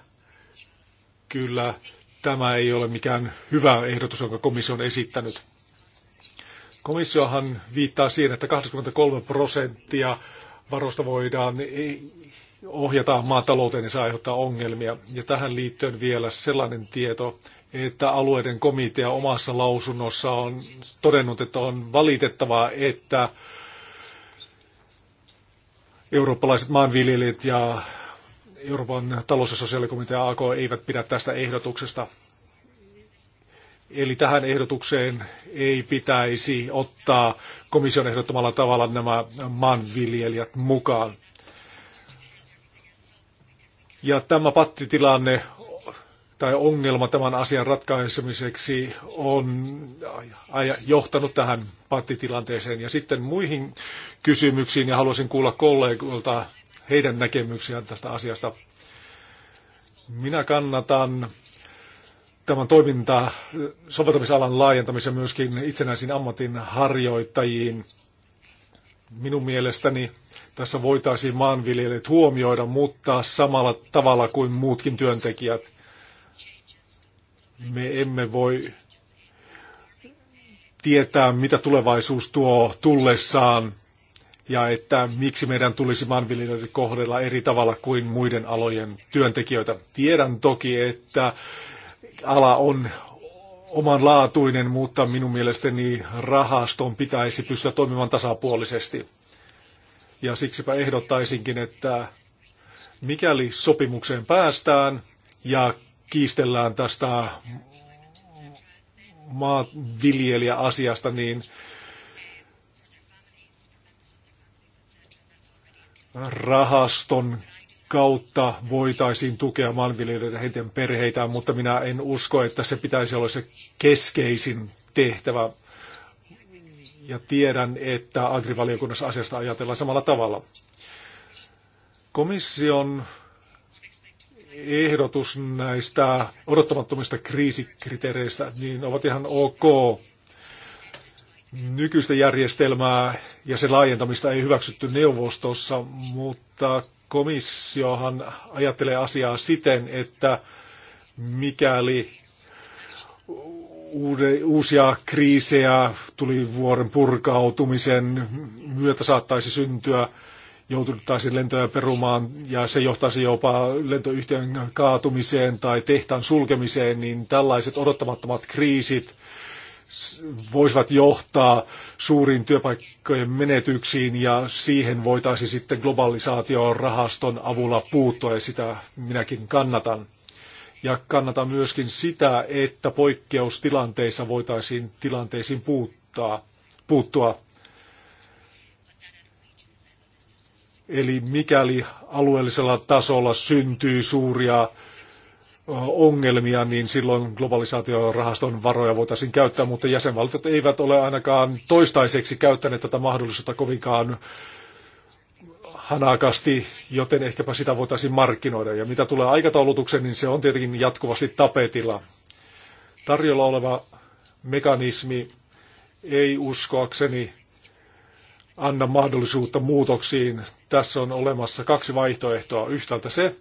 kyllä tämä ei ole mikään hyvä ehdotus, jonka komissio on esittänyt. Komissiohan viittaa siihen, että 23 prosenttia varoista voidaan e- ohjata maatalouteen ja se aiheuttaa ongelmia. Ja tähän liittyen vielä sellainen tieto, että alueiden komitea omassa lausunnossa on todennut, että on valitettavaa, että eurooppalaiset maanviljelijät ja Euroopan talous- ja sosiaalikomitea AK eivät pidä tästä ehdotuksesta. Eli tähän ehdotukseen ei pitäisi ottaa komission ehdottomalla tavalla nämä maanviljelijät mukaan. Ja tämä pattitilanne tai ongelma tämän asian ratkaisemiseksi on johtanut tähän pattitilanteeseen. Ja sitten muihin kysymyksiin, ja haluaisin kuulla kollegoilta heidän näkemyksiään tästä asiasta. Minä kannatan tämän toiminta soveltamisalan laajentamisen myöskin itsenäisiin ammatin harjoittajiin. Minun mielestäni tässä voitaisiin maanviljelijät huomioida, mutta samalla tavalla kuin muutkin työntekijät. Me emme voi tietää, mitä tulevaisuus tuo tullessaan ja että miksi meidän tulisi maanviljelijöiden kohdella eri tavalla kuin muiden alojen työntekijöitä. Tiedän toki, että ala on omanlaatuinen, mutta minun mielestäni rahaston pitäisi pystyä toimimaan tasapuolisesti. Ja siksipä ehdottaisinkin, että mikäli sopimukseen päästään ja kiistellään tästä maanviljelijäasiasta, niin rahaston kautta voitaisiin tukea ja heidän perheitään, mutta minä en usko, että se pitäisi olla se keskeisin tehtävä. Ja tiedän, että agrivaliokunnassa asiasta ajatellaan samalla tavalla. Komission ehdotus näistä odottamattomista kriisikriteereistä niin ovat ihan ok. Nykyistä järjestelmää ja sen laajentamista ei hyväksytty neuvostossa, mutta komissiohan ajattelee asiaa siten, että mikäli uusia kriisejä tuli vuoren purkautumisen myötä saattaisi syntyä, jouduttaisiin lentoja perumaan ja se johtaisi jopa lentoyhtiön kaatumiseen tai tehtaan sulkemiseen, niin tällaiset odottamattomat kriisit voisivat johtaa suuriin työpaikkojen menetyksiin ja siihen voitaisiin sitten globalisaation rahaston avulla puuttua ja sitä minäkin kannatan. Ja kannatan myöskin sitä, että poikkeustilanteissa voitaisiin tilanteisiin puuttaa, puuttua. Eli mikäli alueellisella tasolla syntyy suuria ongelmia, niin silloin globalisaatiorahaston varoja voitaisiin käyttää, mutta jäsenvaltiot eivät ole ainakaan toistaiseksi käyttäneet tätä mahdollisuutta kovinkaan hanakasti, joten ehkäpä sitä voitaisiin markkinoida. Ja mitä tulee aikataulutukseen, niin se on tietenkin jatkuvasti tapetilla. Tarjolla oleva mekanismi ei uskoakseni anna mahdollisuutta muutoksiin. Tässä on olemassa kaksi vaihtoehtoa. Yhtäältä se,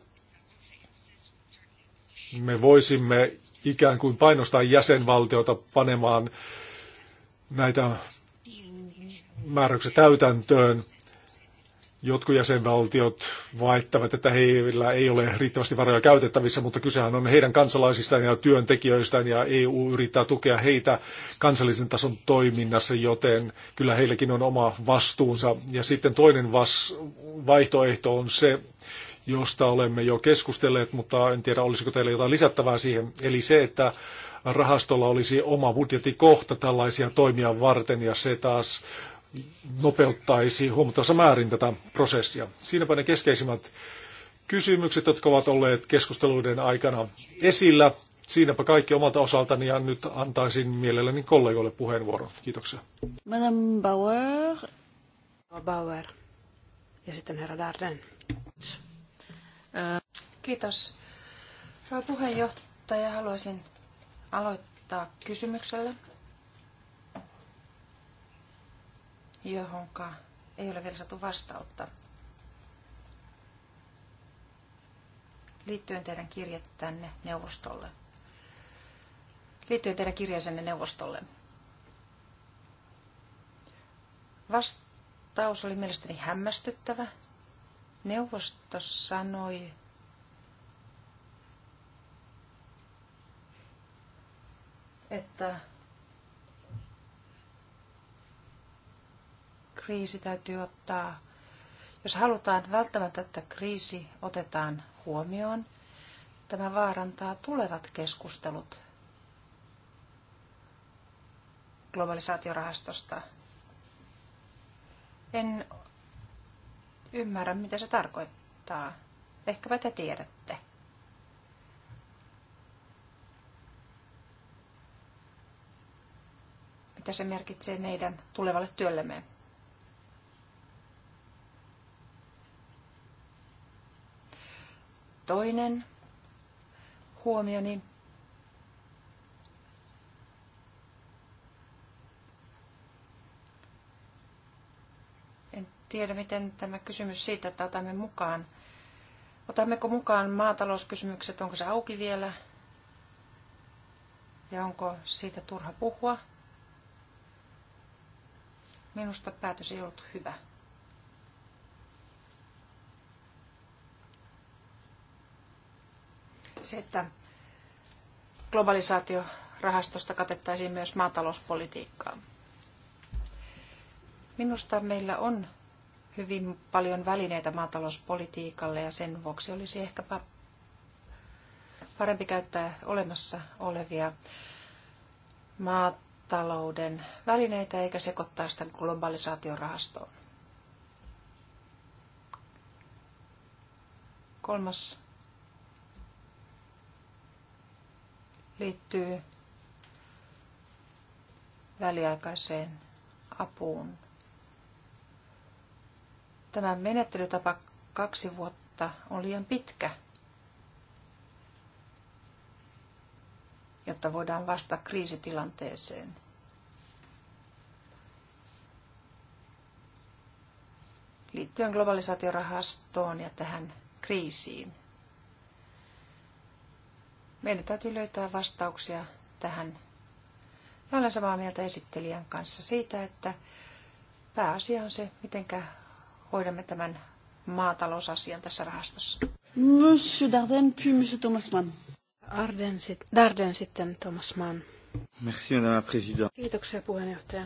me voisimme ikään kuin painostaa jäsenvaltiota panemaan näitä määräyksiä täytäntöön. Jotkut jäsenvaltiot vaittavat, että heillä ei ole riittävästi varoja käytettävissä, mutta kysehän on heidän kansalaisistaan ja työntekijöistään ja EU yrittää tukea heitä kansallisen tason toiminnassa, joten kyllä heilläkin on oma vastuunsa. Ja sitten toinen vas- vaihtoehto on se, josta olemme jo keskustelleet, mutta en tiedä olisiko teillä jotain lisättävää siihen. Eli se, että rahastolla olisi oma budjettikohta tällaisia toimia varten ja se taas nopeuttaisi huomattavassa määrin tätä prosessia. Siinäpä ne keskeisimmät kysymykset, jotka ovat olleet keskusteluiden aikana esillä. Siinäpä kaikki omalta osaltani ja nyt antaisin mielelläni kollegoille puheenvuoron. Kiitoksia. Madame Bauer. Bauer. Ja sitten herra Darden. Kiitos. Rouva puheenjohtaja, haluaisin aloittaa kysymyksellä, johonka ei ole vielä saatu vastautta. Liittyen teidän kirjettänne neuvostolle. Liittyen teidän kirjeeseenne neuvostolle. Vastaus oli mielestäni hämmästyttävä Neuvosto sanoi, että kriisi täytyy ottaa, jos halutaan välttämättä, että kriisi otetaan huomioon, tämä vaarantaa tulevat keskustelut globalisaatiorahastosta. En ymmärrä, mitä se tarkoittaa. Ehkäpä te tiedätte. Mitä se merkitsee meidän tulevalle työllemme? Toinen huomioni tiedä, miten tämä kysymys siitä, että otamme mukaan. Otammeko mukaan maatalouskysymykset, onko se auki vielä? Ja onko siitä turha puhua? Minusta päätös ei ollut hyvä. Se, että globalisaatiorahastosta katettaisiin myös maatalouspolitiikkaa. Minusta meillä on hyvin paljon välineitä maatalouspolitiikalle ja sen vuoksi olisi ehkäpä parempi käyttää olemassa olevia maatalouden välineitä eikä sekoittaa sitä globalisaatiorahastoon. Kolmas liittyy väliaikaiseen apuun Tämä menettelytapa kaksi vuotta on liian pitkä, jotta voidaan vastata kriisitilanteeseen. liittyen globalisaatiorahastoon ja tähän kriisiin. Meidän täytyy löytää vastauksia tähän. Ja olen samaa mieltä esittelijän kanssa siitä, että pääasia on se, mitenkä hoidamme tämän maatalousasian tässä rahastossa. Monsieur Darden, puis Monsieur Thomas Mann. Arden, sit, Darden sitten Thomas Mann. Merci, Madame la Présidente. Kiitoksia puheenjohtaja.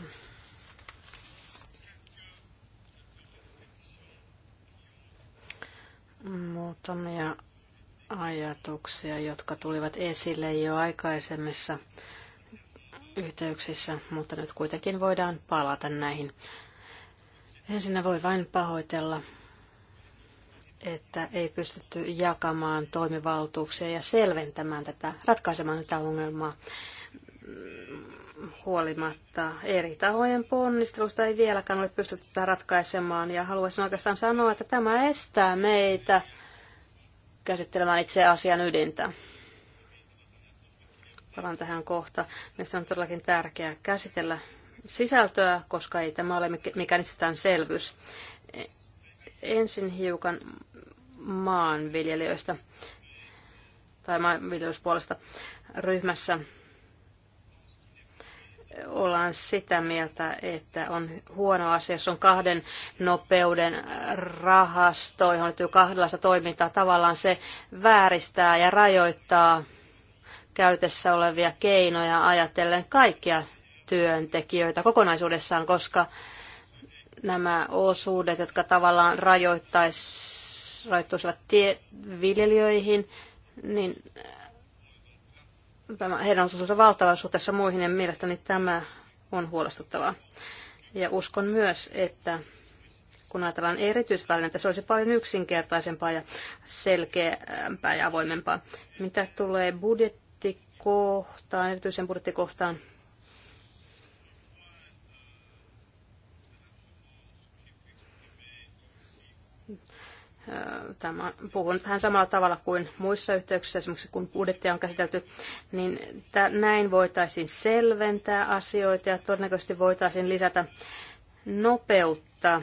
Muutamia ajatuksia, jotka tulivat esille jo aikaisemmissa yhteyksissä, mutta nyt kuitenkin voidaan palata näihin. Ensinnä voi vain pahoitella, että ei pystytty jakamaan toimivaltuuksia ja selventämään tätä, ratkaisemaan tätä ongelmaa huolimatta eri tahojen ponnistelusta ei vieläkään ole pystytty tätä ratkaisemaan. Ja haluaisin oikeastaan sanoa, että tämä estää meitä käsittelemään itse asian ydintä. Palaan tähän kohta. Mielestäni on todellakin tärkeää käsitellä sisältöä, koska ei tämä ole mikään itsestäänselvyys. Ensin hiukan maanviljelijöistä tai maanviljelyspuolesta ryhmässä ollaan sitä mieltä, että on huono asia, jos on kahden nopeuden rahasto, johon liittyy kahdenlaista toimintaa. Tavallaan se vääristää ja rajoittaa käytössä olevia keinoja ajatellen kaikkia työntekijöitä kokonaisuudessaan, koska nämä osuudet, jotka tavallaan rajoittuisivat tie- viljelijöihin, niin tämä, heidän osuutensa valtava suhteessa muihin, ja mielestäni tämä on huolestuttavaa. Ja uskon myös, että kun ajatellaan että se olisi paljon yksinkertaisempaa ja selkeämpää ja avoimempaa. Mitä tulee budjettikohtaan, erityisen budjettikohtaan, Tämä, puhun vähän samalla tavalla kuin muissa yhteyksissä, esimerkiksi kun budjettia on käsitelty, niin näin voitaisiin selventää asioita ja todennäköisesti voitaisiin lisätä nopeutta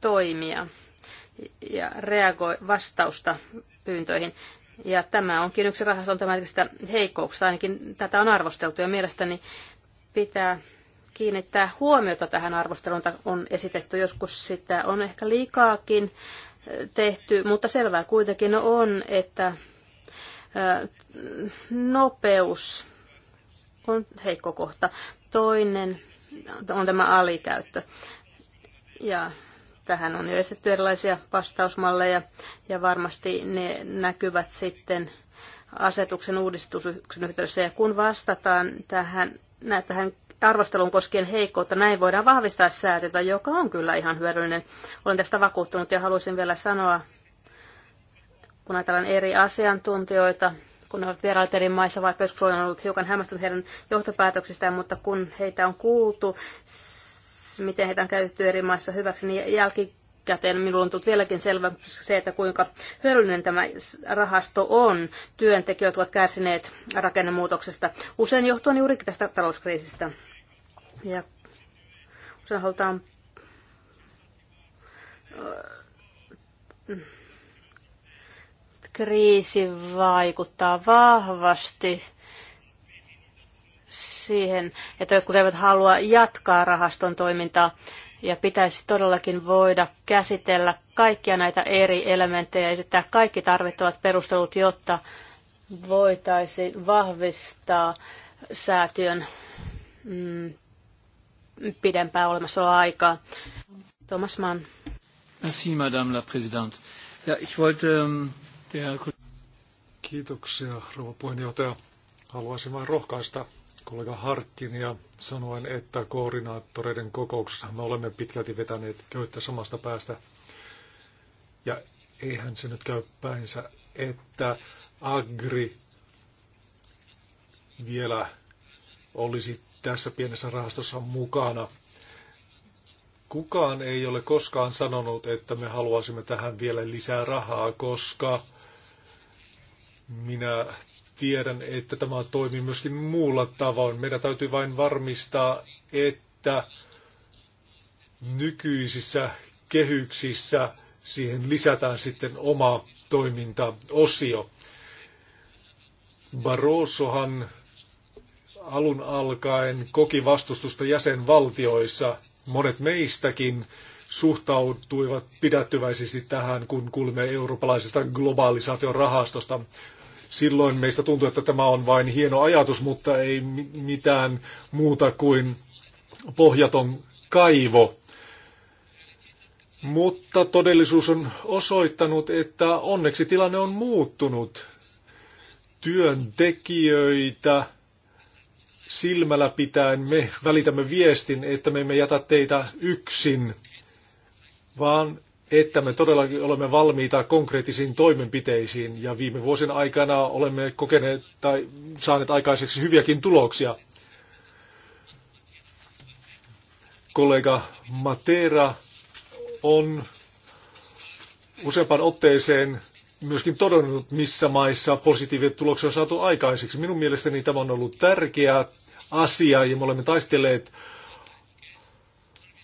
toimia ja reagoi vastausta pyyntöihin. Ja tämä onkin yksi rahaston tämäntistä heikkouksista, ainakin tätä on arvosteltu ja mielestäni pitää kiinnittää huomiota tähän arvosteluun, on esitetty joskus sitä on ehkä liikaakin tehty, mutta selvää kuitenkin on, että nopeus on heikko kohta. Toinen on tämä alikäyttö. Ja tähän on jo esitetty erilaisia vastausmalleja ja varmasti ne näkyvät sitten asetuksen uudistusyksyn yhteydessä. Ja kun vastataan tähän, tähän arvostelun koskien heikkoutta. Näin voidaan vahvistaa säätötä, joka on kyllä ihan hyödyllinen. Olen tästä vakuuttunut ja haluaisin vielä sanoa, kun ajatellaan eri asiantuntijoita, kun ne ovat vierailleet eri maissa, vaikka joskus olen ollut hiukan hämmästynyt heidän johtopäätöksistään, mutta kun heitä on kuultu, miten heitä on käytetty eri maissa hyväksi, niin jälkikäteen minulla on tullut vieläkin selväksi se, että kuinka hyödyllinen tämä rahasto on. Työntekijät ovat kärsineet rakennemuutoksesta, usein johtuen juurikin tästä talouskriisistä. Ja se halutaan kriisi vaikuttaa vahvasti siihen, että jotkut eivät halua jatkaa rahaston toimintaa ja pitäisi todellakin voida käsitellä kaikkia näitä eri elementtejä ja esittää kaikki tarvittavat perustelut, jotta voitaisiin vahvistaa säätiön mm, pidempää olemassaoloaikaa. Thomas Mann. Merci, Madame la Présidente. Ja, ich wollte, ähm, der... Kiitoksia, rouva puheenjohtaja. Haluaisin vain rohkaista kollega Harkin ja sanoen, että koordinaattoreiden kokouksessa me olemme pitkälti vetäneet köyttä samasta päästä. Ja eihän se nyt käy päinsä, että Agri vielä olisi tässä pienessä rahastossa mukana. Kukaan ei ole koskaan sanonut, että me haluaisimme tähän vielä lisää rahaa, koska minä tiedän, että tämä toimii myöskin muulla tavoin. Meidän täytyy vain varmistaa, että nykyisissä kehyksissä siihen lisätään sitten oma toimintaosio. Barrosohan alun alkaen koki vastustusta jäsenvaltioissa. Monet meistäkin suhtautuivat pidättyväisesti tähän, kun kuulimme eurooppalaisesta globalisaation rahastosta. Silloin meistä tuntui, että tämä on vain hieno ajatus, mutta ei mitään muuta kuin pohjaton kaivo. Mutta todellisuus on osoittanut, että onneksi tilanne on muuttunut. Työntekijöitä silmällä pitäen me välitämme viestin, että me emme jätä teitä yksin, vaan että me todellakin olemme valmiita konkreettisiin toimenpiteisiin ja viime vuosien aikana olemme kokeneet tai saaneet aikaiseksi hyviäkin tuloksia. Kollega Matera on useampaan otteeseen myöskin todennut, missä maissa positiivinen tuloksia on saatu aikaiseksi. Minun mielestäni tämä on ollut tärkeä asia ja me olemme taistelleet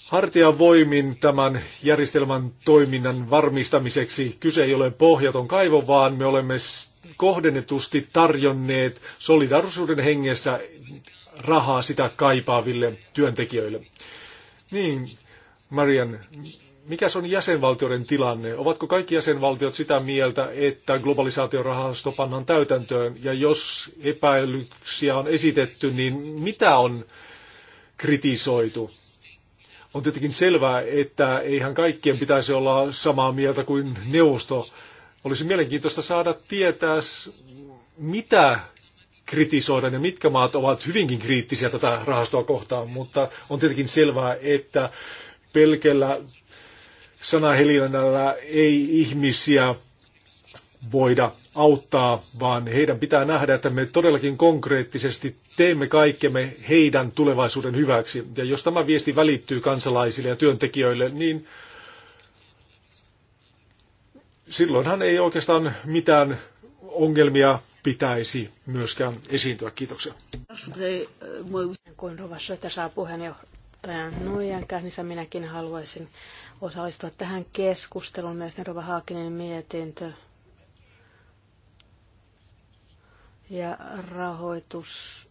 hartian voimin tämän järjestelmän toiminnan varmistamiseksi. Kyse ei ole pohjaton kaivo, vaan me olemme kohdennetusti tarjonneet solidarisuuden hengessä rahaa sitä kaipaaville työntekijöille. Niin, Marian, mikä on jäsenvaltioiden tilanne? Ovatko kaikki jäsenvaltiot sitä mieltä, että globalisaatiorahasto pannaan täytäntöön? Ja jos epäilyksiä on esitetty, niin mitä on kritisoitu? On tietenkin selvää, että eihän kaikkien pitäisi olla samaa mieltä kuin neuvosto. Olisi mielenkiintoista saada tietää, mitä kritisoidaan ja mitkä maat ovat hyvinkin kriittisiä tätä rahastoa kohtaan, mutta on tietenkin selvää, että pelkällä sanahelinällä ei ihmisiä voida auttaa, vaan heidän pitää nähdä, että me todellakin konkreettisesti teemme kaikkemme heidän tulevaisuuden hyväksi. Ja jos tämä viesti välittyy kansalaisille ja työntekijöille, niin silloinhan ei oikeastaan mitään ongelmia pitäisi myöskään esiintyä. Kiitoksia. kuin rovassa, että saa puheenjohtajan nuijan käsissä, minäkin haluaisin osallistua tähän keskusteluun. Mielestäni Rova Haakinen mietintö ja rahoitus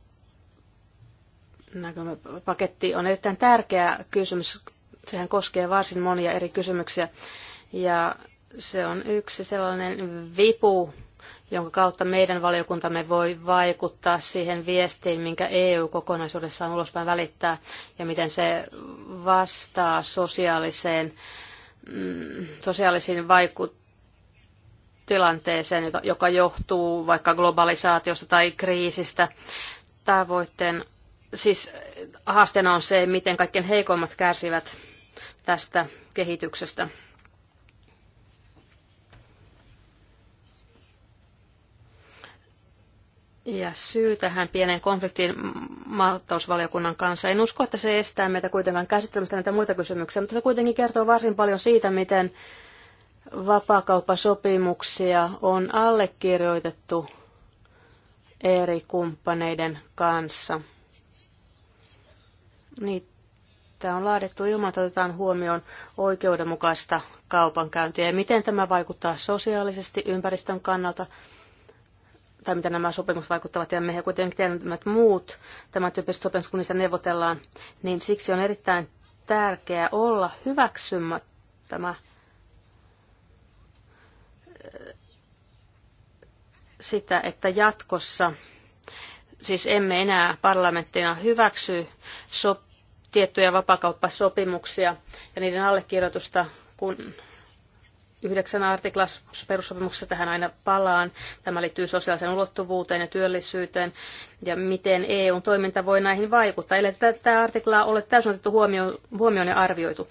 paketti on erittäin tärkeä kysymys. Sehän koskee varsin monia eri kysymyksiä ja se on yksi sellainen vipu jonka kautta meidän valiokuntamme voi vaikuttaa siihen viestiin, minkä EU kokonaisuudessaan ulospäin välittää ja miten se vastaa sosiaaliseen, mm, sosiaalisiin vaikutilanteeseen, joka johtuu vaikka globalisaatiosta tai kriisistä. Tavoitteen, siis haasteena on se, miten kaikkein heikoimmat kärsivät tästä kehityksestä. Ja syy tähän pienen konfliktiin maatalousvaliokunnan kanssa. En usko, että se estää meitä kuitenkaan käsittelystä näitä muita kysymyksiä, mutta se kuitenkin kertoo varsin paljon siitä, miten vapaakauppasopimuksia on allekirjoitettu eri kumppaneiden kanssa. Niitä on laadittu ilman, että otetaan huomioon oikeudenmukaista kaupankäyntiä ja miten tämä vaikuttaa sosiaalisesti ympäristön kannalta – tai mitä nämä sopimukset vaikuttavat, ja mehän kuitenkin tiedämme että muut tämän tyyppiset sopimukset, kun niissä neuvotellaan, niin siksi on erittäin tärkeää olla hyväksymättä tämä sitä, että jatkossa siis emme enää parlamenttina hyväksy sop- tiettyjä vapakauppasopimuksia ja niiden allekirjoitusta, kun Yhdeksän artiklas perussopimuksessa tähän aina palaan. Tämä liittyy sosiaaliseen ulottuvuuteen ja työllisyyteen ja miten EUn toiminta voi näihin vaikuttaa. Eli tätä artiklaa ole täysin otettu huomioon, huomioon ja arvioitu.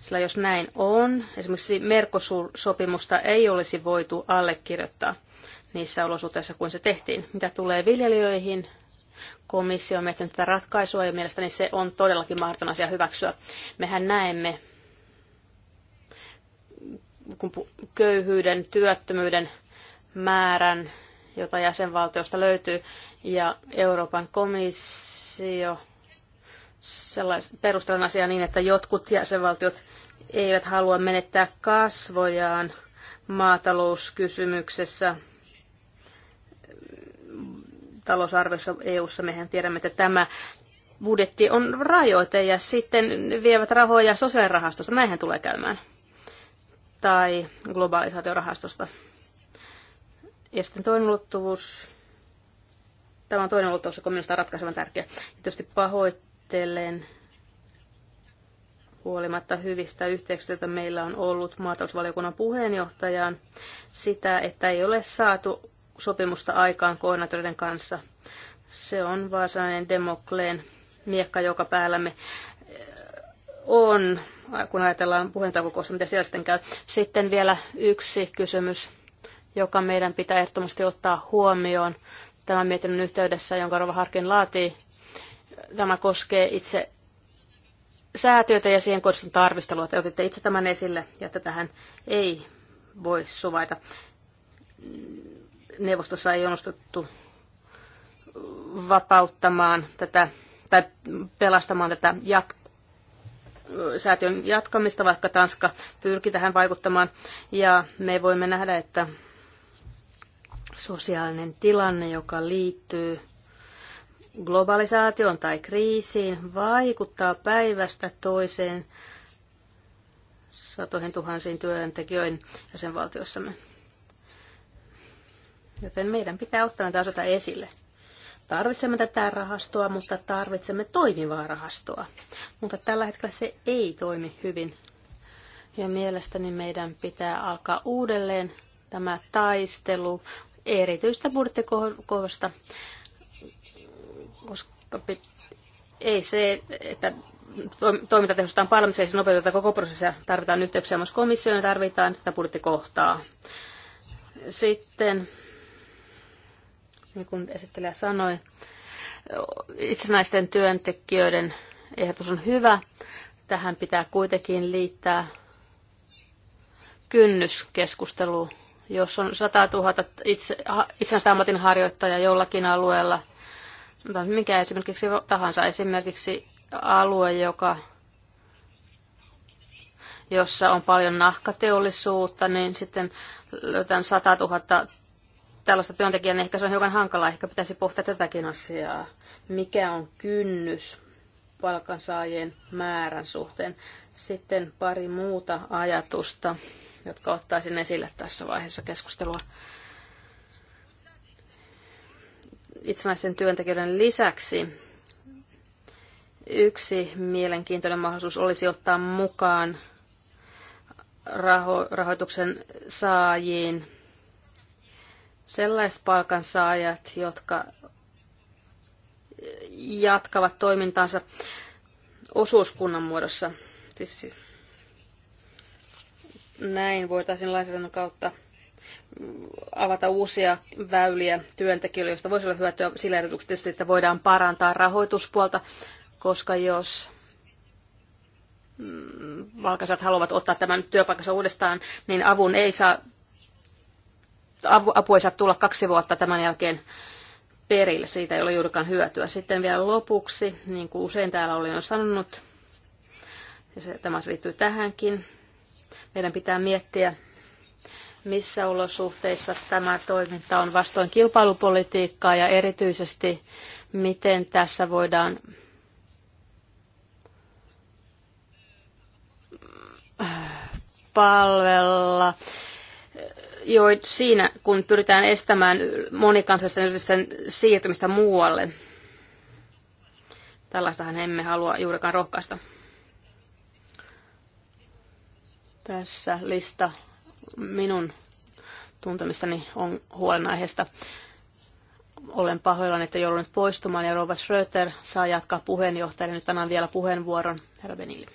Sillä jos näin on, esimerkiksi Mercosur-sopimusta ei olisi voitu allekirjoittaa niissä olosuhteissa, kuin se tehtiin. Mitä tulee viljelijöihin, komissio on miettinyt tätä ratkaisua ja mielestäni se on todellakin mahdoton asia hyväksyä. Mehän näemme kun köyhyyden, työttömyyden määrän, jota jäsenvaltiosta löytyy, ja Euroopan komissio sellais, perustelen asiaa niin, että jotkut jäsenvaltiot eivät halua menettää kasvojaan maatalouskysymyksessä. Talousarviossa EU-ssa mehän tiedämme, että tämä budjetti on rajoite ja sitten vievät rahoja sosiaalirahastosta. Näinhän tulee käymään tai globalisaatiorahastosta. Ja sitten toinen ulottuvuus, tämä on toinen ulottuvuus, joka on minusta ratkaisevan tärkeä. Ja tietysti pahoittelen huolimatta hyvistä yhteistyötä meillä on ollut maatalousvaliokunnan puheenjohtajaan sitä, että ei ole saatu sopimusta aikaan koordinaatioiden kanssa. Se on varsinainen demokleen miekka, joka päällämme on kun ajatellaan puheenjohtajakokousta, mitä siellä sitten käy. Sitten vielä yksi kysymys, joka meidän pitää ehdottomasti ottaa huomioon tämän mietinnön yhteydessä, jonka Rova Harkin laatii. Tämä koskee itse säätiötä ja siihen kohdistunut tarvistelua. Te otitte itse tämän esille ja että tähän ei voi suvaita. Neuvostossa ei onnistuttu vapauttamaan tätä tai pelastamaan tätä jatkoa säätiön jatkamista, vaikka Tanska pyrki tähän vaikuttamaan. Ja me voimme nähdä, että sosiaalinen tilanne, joka liittyy globalisaation tai kriisiin, vaikuttaa päivästä toiseen satoihin tuhansiin työntekijöihin jäsenvaltiossamme. Joten meidän pitää ottaa näitä asioita esille. Tarvitsemme tätä rahastoa, mutta tarvitsemme toimivaa rahastoa. Mutta tällä hetkellä se ei toimi hyvin. Ja mielestäni meidän pitää alkaa uudelleen tämä taistelu erityistä budjettikohdasta, koska ei se, että toiminta paljon, se ei se nopeuteta koko prosessia. Tarvitaan yhteyksiä myös komissioon ja tarvitaan tätä budjettikohtaa. Sitten niin kuin esittelijä sanoi. Itsenäisten työntekijöiden ehdotus on hyvä. Tähän pitää kuitenkin liittää kynnyskeskustelu. Jos on 100 000 itse, itsenäistä ammatinharjoittajaa jollakin alueella, mikä esimerkiksi tahansa, esimerkiksi alue, joka jossa on paljon nahkateollisuutta, niin sitten löytän 100 000 tällaista työntekijää, niin ehkä se on hiukan hankalaa. Ehkä pitäisi pohtia tätäkin asiaa. Mikä on kynnys palkansaajien määrän suhteen? Sitten pari muuta ajatusta, jotka ottaisin esille tässä vaiheessa keskustelua. Itsenäisten työntekijöiden lisäksi yksi mielenkiintoinen mahdollisuus olisi ottaa mukaan raho- rahoituksen saajiin sellaiset palkansaajat, jotka jatkavat toimintaansa osuuskunnan muodossa. Siis näin voitaisiin lainsäädännön kautta avata uusia väyliä työntekijöille, joista voisi olla hyötyä sillä edellytyksellä, että voidaan parantaa rahoituspuolta, koska jos valkaiset mm, haluavat ottaa tämän työpaikkansa uudestaan, niin avun ei saa apu ei saa tulla kaksi vuotta tämän jälkeen perille. Siitä ei ole juurikaan hyötyä. Sitten vielä lopuksi, niin kuin usein täällä olen jo sanonut, ja se, tämä liittyy tähänkin, meidän pitää miettiä, missä olosuhteissa tämä toiminta on vastoin kilpailupolitiikkaa ja erityisesti miten tässä voidaan palvella joit siinä, kun pyritään estämään monikansallisten yritysten siirtymistä muualle. Tällaistahan emme halua juurikaan rohkaista. Tässä lista minun tuntemistani on huolenaiheesta. Olen pahoillani, että joudun nyt poistumaan ja Rova Schröter saa jatkaa puheenjohtajana. Nyt annan vielä puheenvuoron herra Benilli.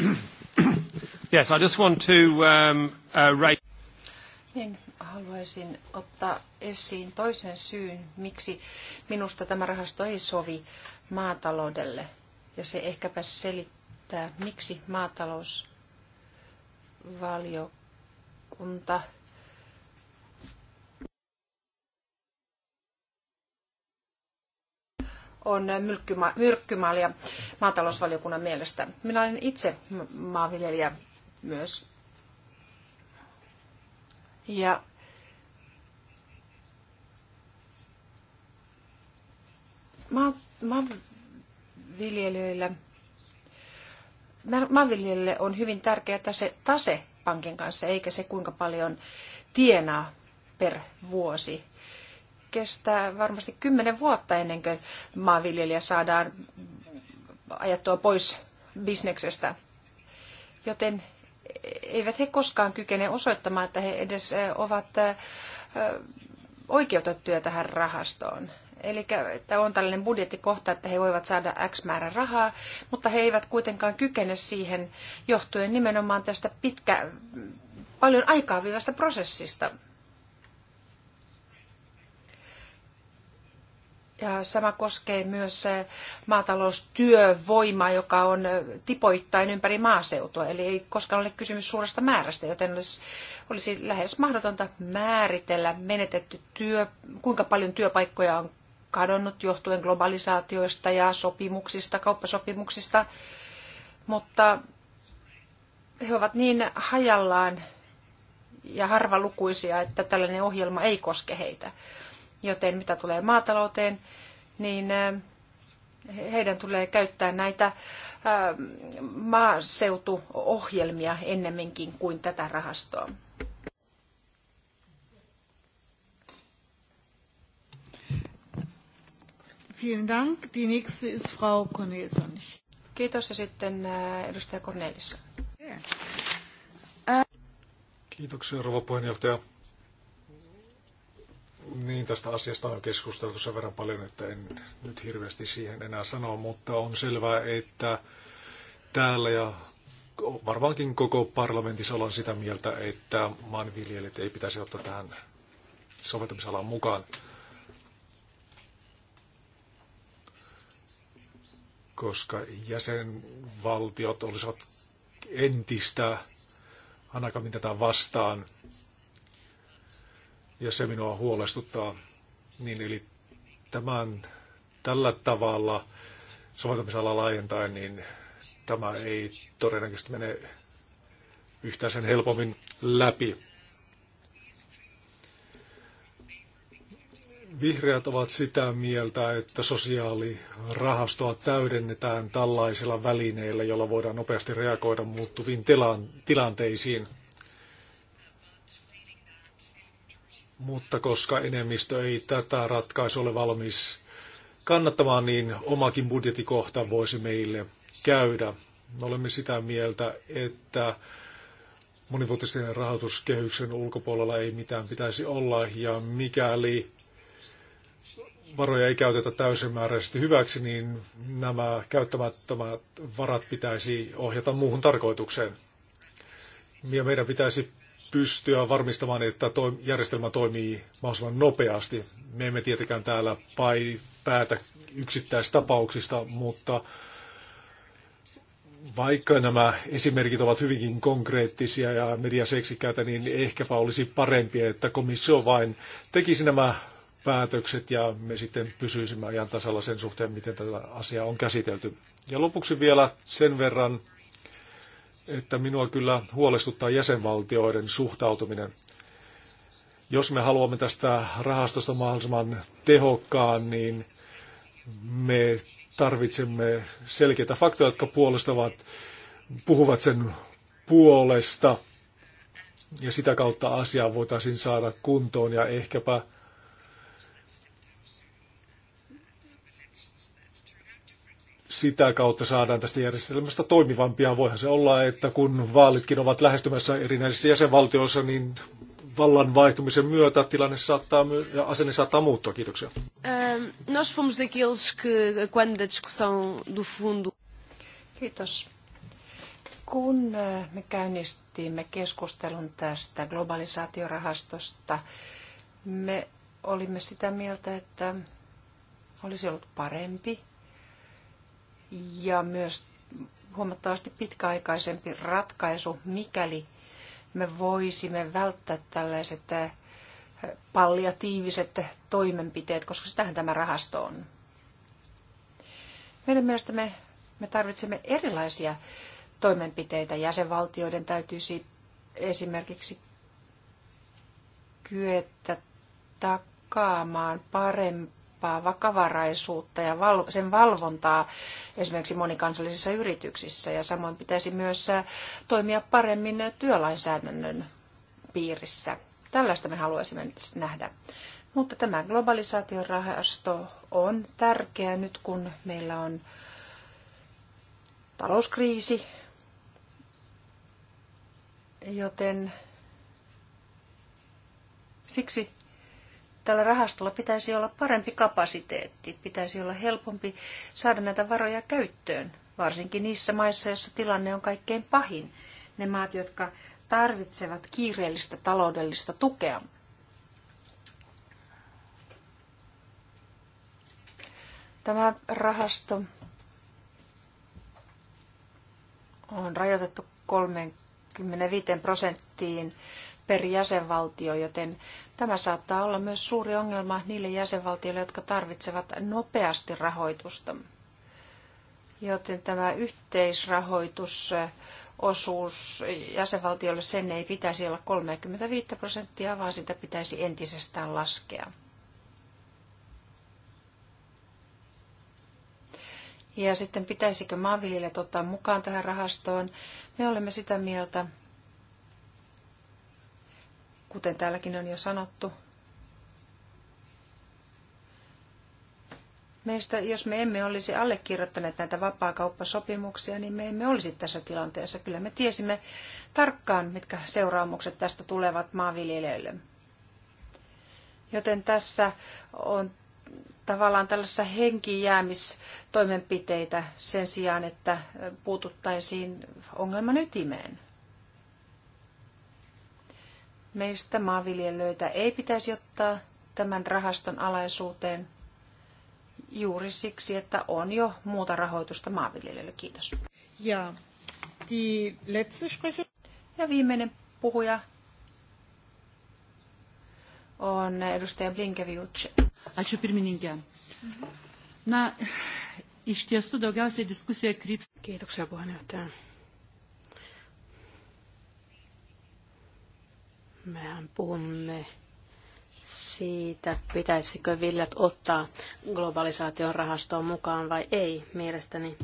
[COUGHS] yes, I just want to um, uh, raise... Niin, haluaisin ottaa esiin toisen syyn, miksi minusta tämä rahasto ei sovi maataloudelle. Ja se ehkäpä selittää, miksi maatalousvaliokunta on myrkkyma- maatalousvaliokunnan mielestä. Minä olen itse maanviljelijä myös. Ja maanviljelijöille on hyvin tärkeää se tase pankin kanssa, eikä se kuinka paljon tienaa per vuosi kestää varmasti kymmenen vuotta ennen kuin maanviljelijä saadaan ajattua pois bisneksestä. Joten eivät he koskaan kykene osoittamaan, että he edes ovat oikeutettuja tähän rahastoon. Eli että on tällainen budjettikohta, että he voivat saada X määrä rahaa, mutta he eivät kuitenkaan kykene siihen johtuen nimenomaan tästä pitkä, paljon aikaa prosessista. Ja sama koskee myös eh, maataloustyövoimaa, joka on eh, tipoittain ympäri maaseutua. Eli ei koskaan ole kysymys suuresta määrästä, joten olisi, olisi lähes mahdotonta määritellä menetetty työ, kuinka paljon työpaikkoja on kadonnut johtuen globalisaatioista ja sopimuksista, kauppasopimuksista. Mutta he ovat niin hajallaan ja harvalukuisia, että tällainen ohjelma ei koske heitä. Joten mitä tulee maatalouteen, niin eh, heidän tulee käyttää näitä eh, maaseutuohjelmia ennemminkin kuin tätä rahastoa. Vielen Dank. Die nächste ist Frau Cornelison. Kiitos ja sitten eh, edustaja Cornelison. Kiitoksia rouva puheenjohtaja. Niin, tästä asiasta on keskusteltu sen verran paljon, että en nyt hirveästi siihen enää sano, mutta on selvää, että täällä ja varmaankin koko parlamentissa ollaan sitä mieltä, että maanviljelijät ei pitäisi ottaa tähän soveltamisalaan mukaan. koska jäsenvaltiot olisivat entistä hanakamin tätä vastaan ja se minua huolestuttaa. Niin eli tämän, tällä tavalla soveltamisala laajentaen, niin tämä ei todennäköisesti mene yhtään sen helpommin läpi. Vihreät ovat sitä mieltä, että sosiaalirahastoa täydennetään tällaisilla välineillä, joilla voidaan nopeasti reagoida muuttuviin tilanteisiin – Mutta koska enemmistö ei tätä ratkaisua ole valmis kannattamaan, niin omakin budjetikohta voisi meille käydä. Me olemme sitä mieltä, että monivuotisen rahoituskehyksen ulkopuolella ei mitään pitäisi olla, ja mikäli varoja ei käytetä täysimääräisesti hyväksi, niin nämä käyttämättömät varat pitäisi ohjata muuhun tarkoitukseen. Ja meidän pitäisi pystyä varmistamaan, että toi, järjestelmä toimii mahdollisimman nopeasti. Me emme tietenkään täällä pai, päätä yksittäistapauksista, mutta vaikka nämä esimerkit ovat hyvinkin konkreettisia ja mediaseksikäitä, niin ehkäpä olisi parempi, että komissio vain tekisi nämä päätökset ja me sitten pysyisimme ajan tasalla sen suhteen, miten tätä asiaa on käsitelty. Ja lopuksi vielä sen verran että minua kyllä huolestuttaa jäsenvaltioiden suhtautuminen. Jos me haluamme tästä rahastosta mahdollisimman tehokkaan, niin me tarvitsemme selkeitä faktoja, jotka puolustavat, puhuvat sen puolesta. Ja sitä kautta asiaa voitaisiin saada kuntoon ja ehkäpä sitä kautta saadaan tästä järjestelmästä toimivampia. Voihan se olla, että kun vaalitkin ovat lähestymässä erinäisissä jäsenvaltioissa, niin vallan vaihtumisen myötä tilanne saattaa ja asenne saattaa muuttua. Kiitoksia. Ehm, nós fomos que, quando discussão do fundo... Kiitos. Kun eh, me käynnistimme keskustelun tästä globalisaatiorahastosta, me olimme sitä mieltä, että olisi ollut parempi, ja myös huomattavasti pitkäaikaisempi ratkaisu, mikäli me voisimme välttää tällaiset eh, palliatiiviset toimenpiteet, koska sitähän tämä rahasto on. Meidän mielestämme me tarvitsemme erilaisia toimenpiteitä. Jäsenvaltioiden täytyisi esimerkiksi kyetä takaamaan parempaa parempaa vakavaraisuutta ja sen valvontaa esimerkiksi monikansallisissa yrityksissä. Ja samoin pitäisi myös äh, toimia paremmin työlainsäädännön piirissä. Tällaista me haluaisimme nähdä. Mutta tämä globalisaatiorahasto on tärkeä nyt, kun meillä on talouskriisi, joten siksi tällä rahastolla pitäisi olla parempi kapasiteetti, pitäisi olla helpompi saada näitä varoja käyttöön, varsinkin niissä maissa, joissa tilanne on kaikkein pahin. Ne maat, jotka tarvitsevat kiireellistä taloudellista tukea. Tämä rahasto on rajoitettu 35 prosenttiin per jäsenvaltio, joten tämä saattaa olla myös suuri ongelma niille jäsenvaltioille, jotka tarvitsevat nopeasti rahoitusta. Joten tämä yhteisrahoitusosuus jäsenvaltiolle sen ei pitäisi olla 35 prosenttia, vaan sitä pitäisi entisestään laskea. Ja sitten pitäisikö maanviljelijät ottaa mukaan tähän rahastoon? Me olemme sitä mieltä, Kuten täälläkin on jo sanottu, Meistä, jos me emme olisi allekirjoittaneet näitä vapaakauppasopimuksia, niin me emme olisi tässä tilanteessa. Kyllä me tiesimme tarkkaan, mitkä seuraamukset tästä tulevat maanviljelijöille. Joten tässä on tavallaan tällaisessa henkijäämistoimenpiteitä sen sijaan, että puututtaisiin ongelman ytimeen. Meistä maanviljelijöitä ei pitäisi ottaa tämän rahaston alaisuuteen juuri siksi, että on jo muuta rahoitusta maanviljelijöille. Kiitos. Ja, die letzte Sprecher. ja viimeinen puhuja on edustaja Blinkeviutse. Ačiū pirmininkė. Na, iš tiesų daugiausiai diskusija kryps. Kiitoksia puheenjohtaja. Mehän puhumme siitä, pitäisikö viljat ottaa globalisaation rahastoon mukaan vai ei. Mielestäni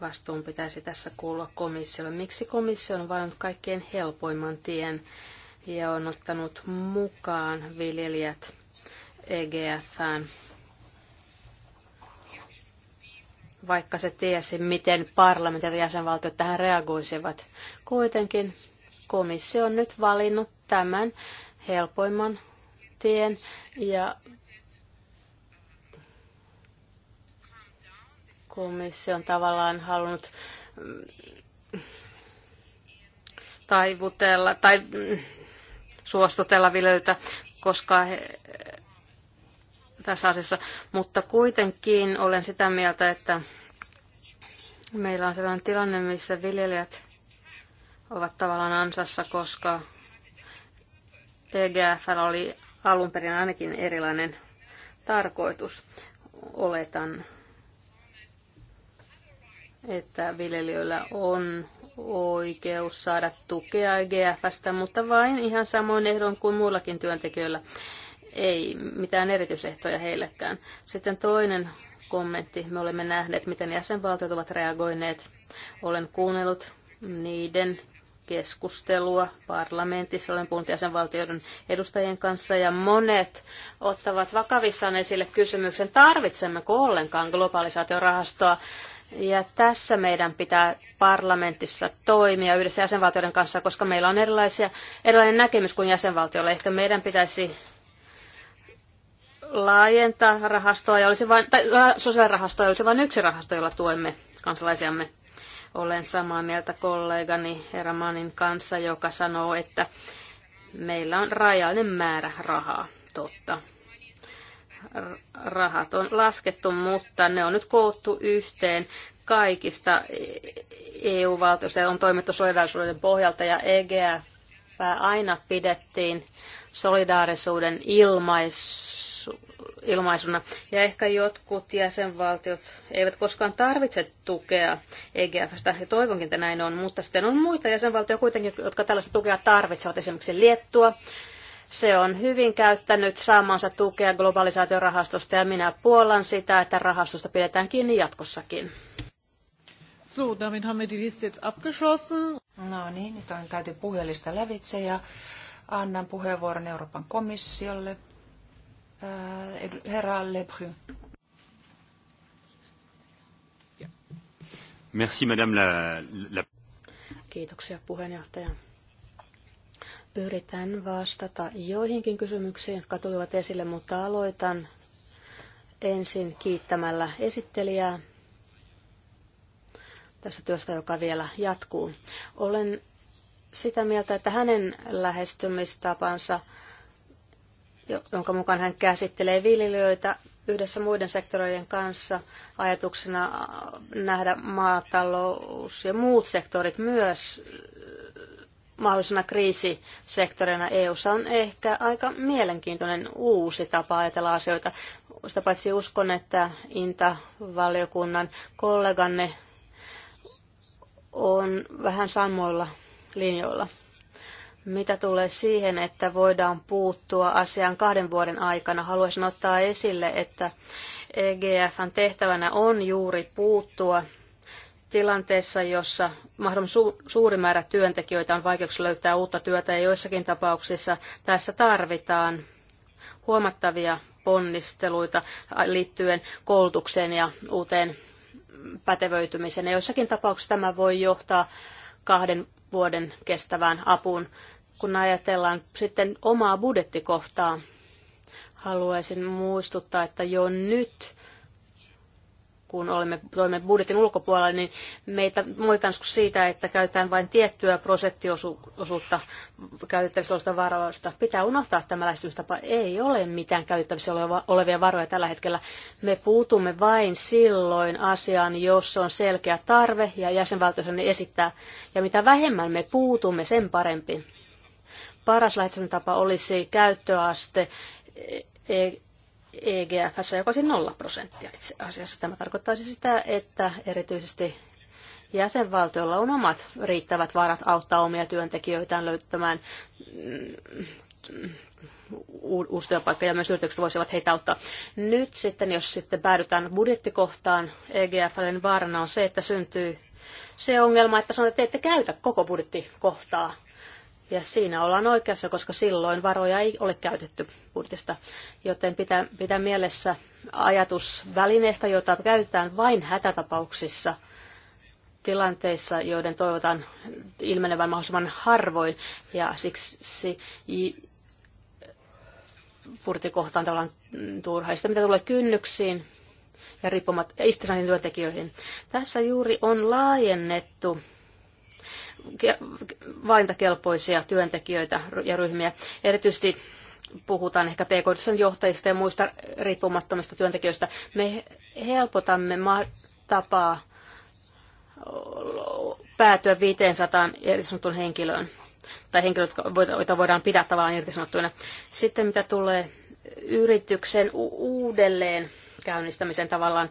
vastuun pitäisi tässä kuulua komissiolle. Miksi komissio on valinnut kaikkein helpoimman tien ja on ottanut mukaan viljelijät EGFään? vaikka se tiesi, miten parlamentit ja jäsenvaltiot tähän reagoisivat. Kuitenkin komissio on nyt valinnut tämän helpoimman tien ja komissio on tavallaan halunnut mm, taivutella tai mm, suostutella vilöitä, koska he, tässä asiassa. Mutta kuitenkin olen sitä mieltä, että Meillä on sellainen tilanne, missä viljelijät ovat tavallaan ansassa, koska EGF oli alun perin ainakin erilainen tarkoitus. Oletan, että viljelijöillä on oikeus saada tukea EGFstä, mutta vain ihan samoin ehdon kuin muillakin työntekijöillä. Ei mitään erityisehtoja heillekään. Sitten toinen kommentti. Me olemme nähneet, miten jäsenvaltiot ovat reagoineet. Olen kuunnellut niiden keskustelua parlamentissa. Olen puhunut jäsenvaltioiden edustajien kanssa ja monet ottavat vakavissaan esille kysymyksen, tarvitsemmeko ollenkaan globalisaatiorahastoa. Ja tässä meidän pitää parlamentissa toimia yhdessä jäsenvaltioiden kanssa, koska meillä on erilaisia, erilainen näkemys kuin jäsenvaltioilla. Ehkä meidän pitäisi laajentaa rahastoa, ja olisi vain, tai sosiaalirahastoa, ja olisi vain yksi rahasto, jolla tuemme kansalaisiamme. Olen samaa mieltä kollegani Eramanin kanssa, joka sanoo, että meillä on rajallinen määrä rahaa. Totta. Rahat on laskettu, mutta ne on nyt koottu yhteen kaikista EU-valtioista. On toimittu solidaarisuuden pohjalta ja EGF aina pidettiin solidaarisuuden ilmais ilmaisuna. Ja ehkä jotkut jäsenvaltiot eivät koskaan tarvitse tukea EGFstä, ja toivonkin, että näin on, mutta sitten on muita jäsenvaltioita kuitenkin, jotka tällaista tukea tarvitsevat, esimerkiksi Liettua, se on hyvin käyttänyt saamansa tukea globalisaatiorahastosta ja minä puolan sitä, että rahastosta pidetään kiinni jatkossakin. So, damit haben wir die Liste jetzt abgeschlossen. No niin, nyt on käyty puhelista lävitse ja annan puheenvuoron Euroopan komissiolle. Eh, herra Lebrun. Merci, madame la, la... Kiitoksia puheenjohtaja. Yritän vastata joihinkin kysymyksiin, jotka tulivat esille, mutta aloitan ensin kiittämällä esittelijää tästä työstä, joka vielä jatkuu. Olen sitä mieltä, että hänen lähestymistapansa jonka mukaan hän käsittelee viljelijöitä yhdessä muiden sektoreiden kanssa ajatuksena nähdä maatalous ja muut sektorit myös mahdollisena kriisisektorina EU:ssa on ehkä aika mielenkiintoinen uusi tapa ajatella asioita. Sitä paitsi uskon, että Inta-valiokunnan kolleganne on vähän samoilla linjoilla. Mitä tulee siihen, että voidaan puuttua asiaan kahden vuoden aikana, haluaisin ottaa esille, että EGFn tehtävänä on juuri puuttua tilanteessa, jossa mahdollisimman suuri määrä työntekijöitä on vaikeuksia löytää uutta työtä ja joissakin tapauksissa tässä tarvitaan huomattavia ponnisteluita liittyen koulutukseen ja uuteen pätevöitymiseen. Ja joissakin tapauksissa tämä voi johtaa kahden vuoden kestävään apuun kun ajatellaan sitten omaa budjettikohtaa, haluaisin muistuttaa, että jo nyt kun olemme toimme budjetin ulkopuolella, niin meitä muistetaan siitä, että käytetään vain tiettyä prosenttiosuutta käytettävissä olevista varoista. Pitää unohtaa tämä lähestymistapa. Ei ole mitään käytettävissä olevia varoja tällä hetkellä. Me puutumme vain silloin asiaan, jos on selkeä tarve ja jäsenvaltiossa ne esittää. Ja mitä vähemmän me puutumme, sen parempi paras lähestymistapa olisi käyttöaste EGFssä, e joka olisi 0 prosenttia itse asiassa. Tämä tarkoittaisi sitä, että erityisesti jäsenvaltiolla on omat riittävät varat auttaa omia työntekijöitään löytämään mm, mm, uusi työpaikka ja myös yritykset voisivat heitä auttaa. Nyt sitten, jos sitten päädytään budjettikohtaan EGFL, niin vaarana on se, että syntyy se ongelma, että sanotaan, että te ette käytä koko budjettikohtaa ja siinä ollaan oikeassa, koska silloin varoja ei ole käytetty budjetista. Joten pitää, pitää mielessä ajatus välineestä, jota käytetään vain hätätapauksissa – tilanteissa, joiden toivotaan ilmenevän mahdollisimman harvoin. Ja siksi purtikohta on tavallaan turha. mitä tulee kynnyksiin ja riippumat ja työntekijöihin. Tässä juuri on laajennettu valintakelpoisia työntekijöitä ja ryhmiä. Erityisesti puhutaan ehkä pk johtajista ja muista riippumattomista työntekijöistä. Me helpotamme tapaa päätyä 500 irtisanottuun henkilöön tai henkilöt, joita voidaan pitää tavallaan irtisanottuina. Sitten mitä tulee yrityksen uudelleen käynnistämisen tavallaan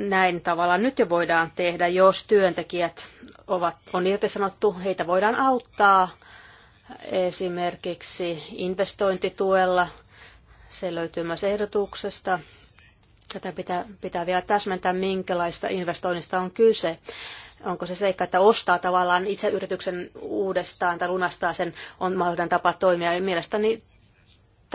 näin tavalla nyt jo voidaan tehdä, jos työntekijät ovat, on irtisanottu, niin, heitä voidaan auttaa esimerkiksi investointituella. Se löytyy myös ehdotuksesta. Tätä pitää, pitää vielä täsmentää, minkälaista investoinnista on kyse. Onko se seikka, että ostaa tavallaan itse yrityksen uudestaan tai lunastaa sen, on mahdollinen tapa toimia. mielestäni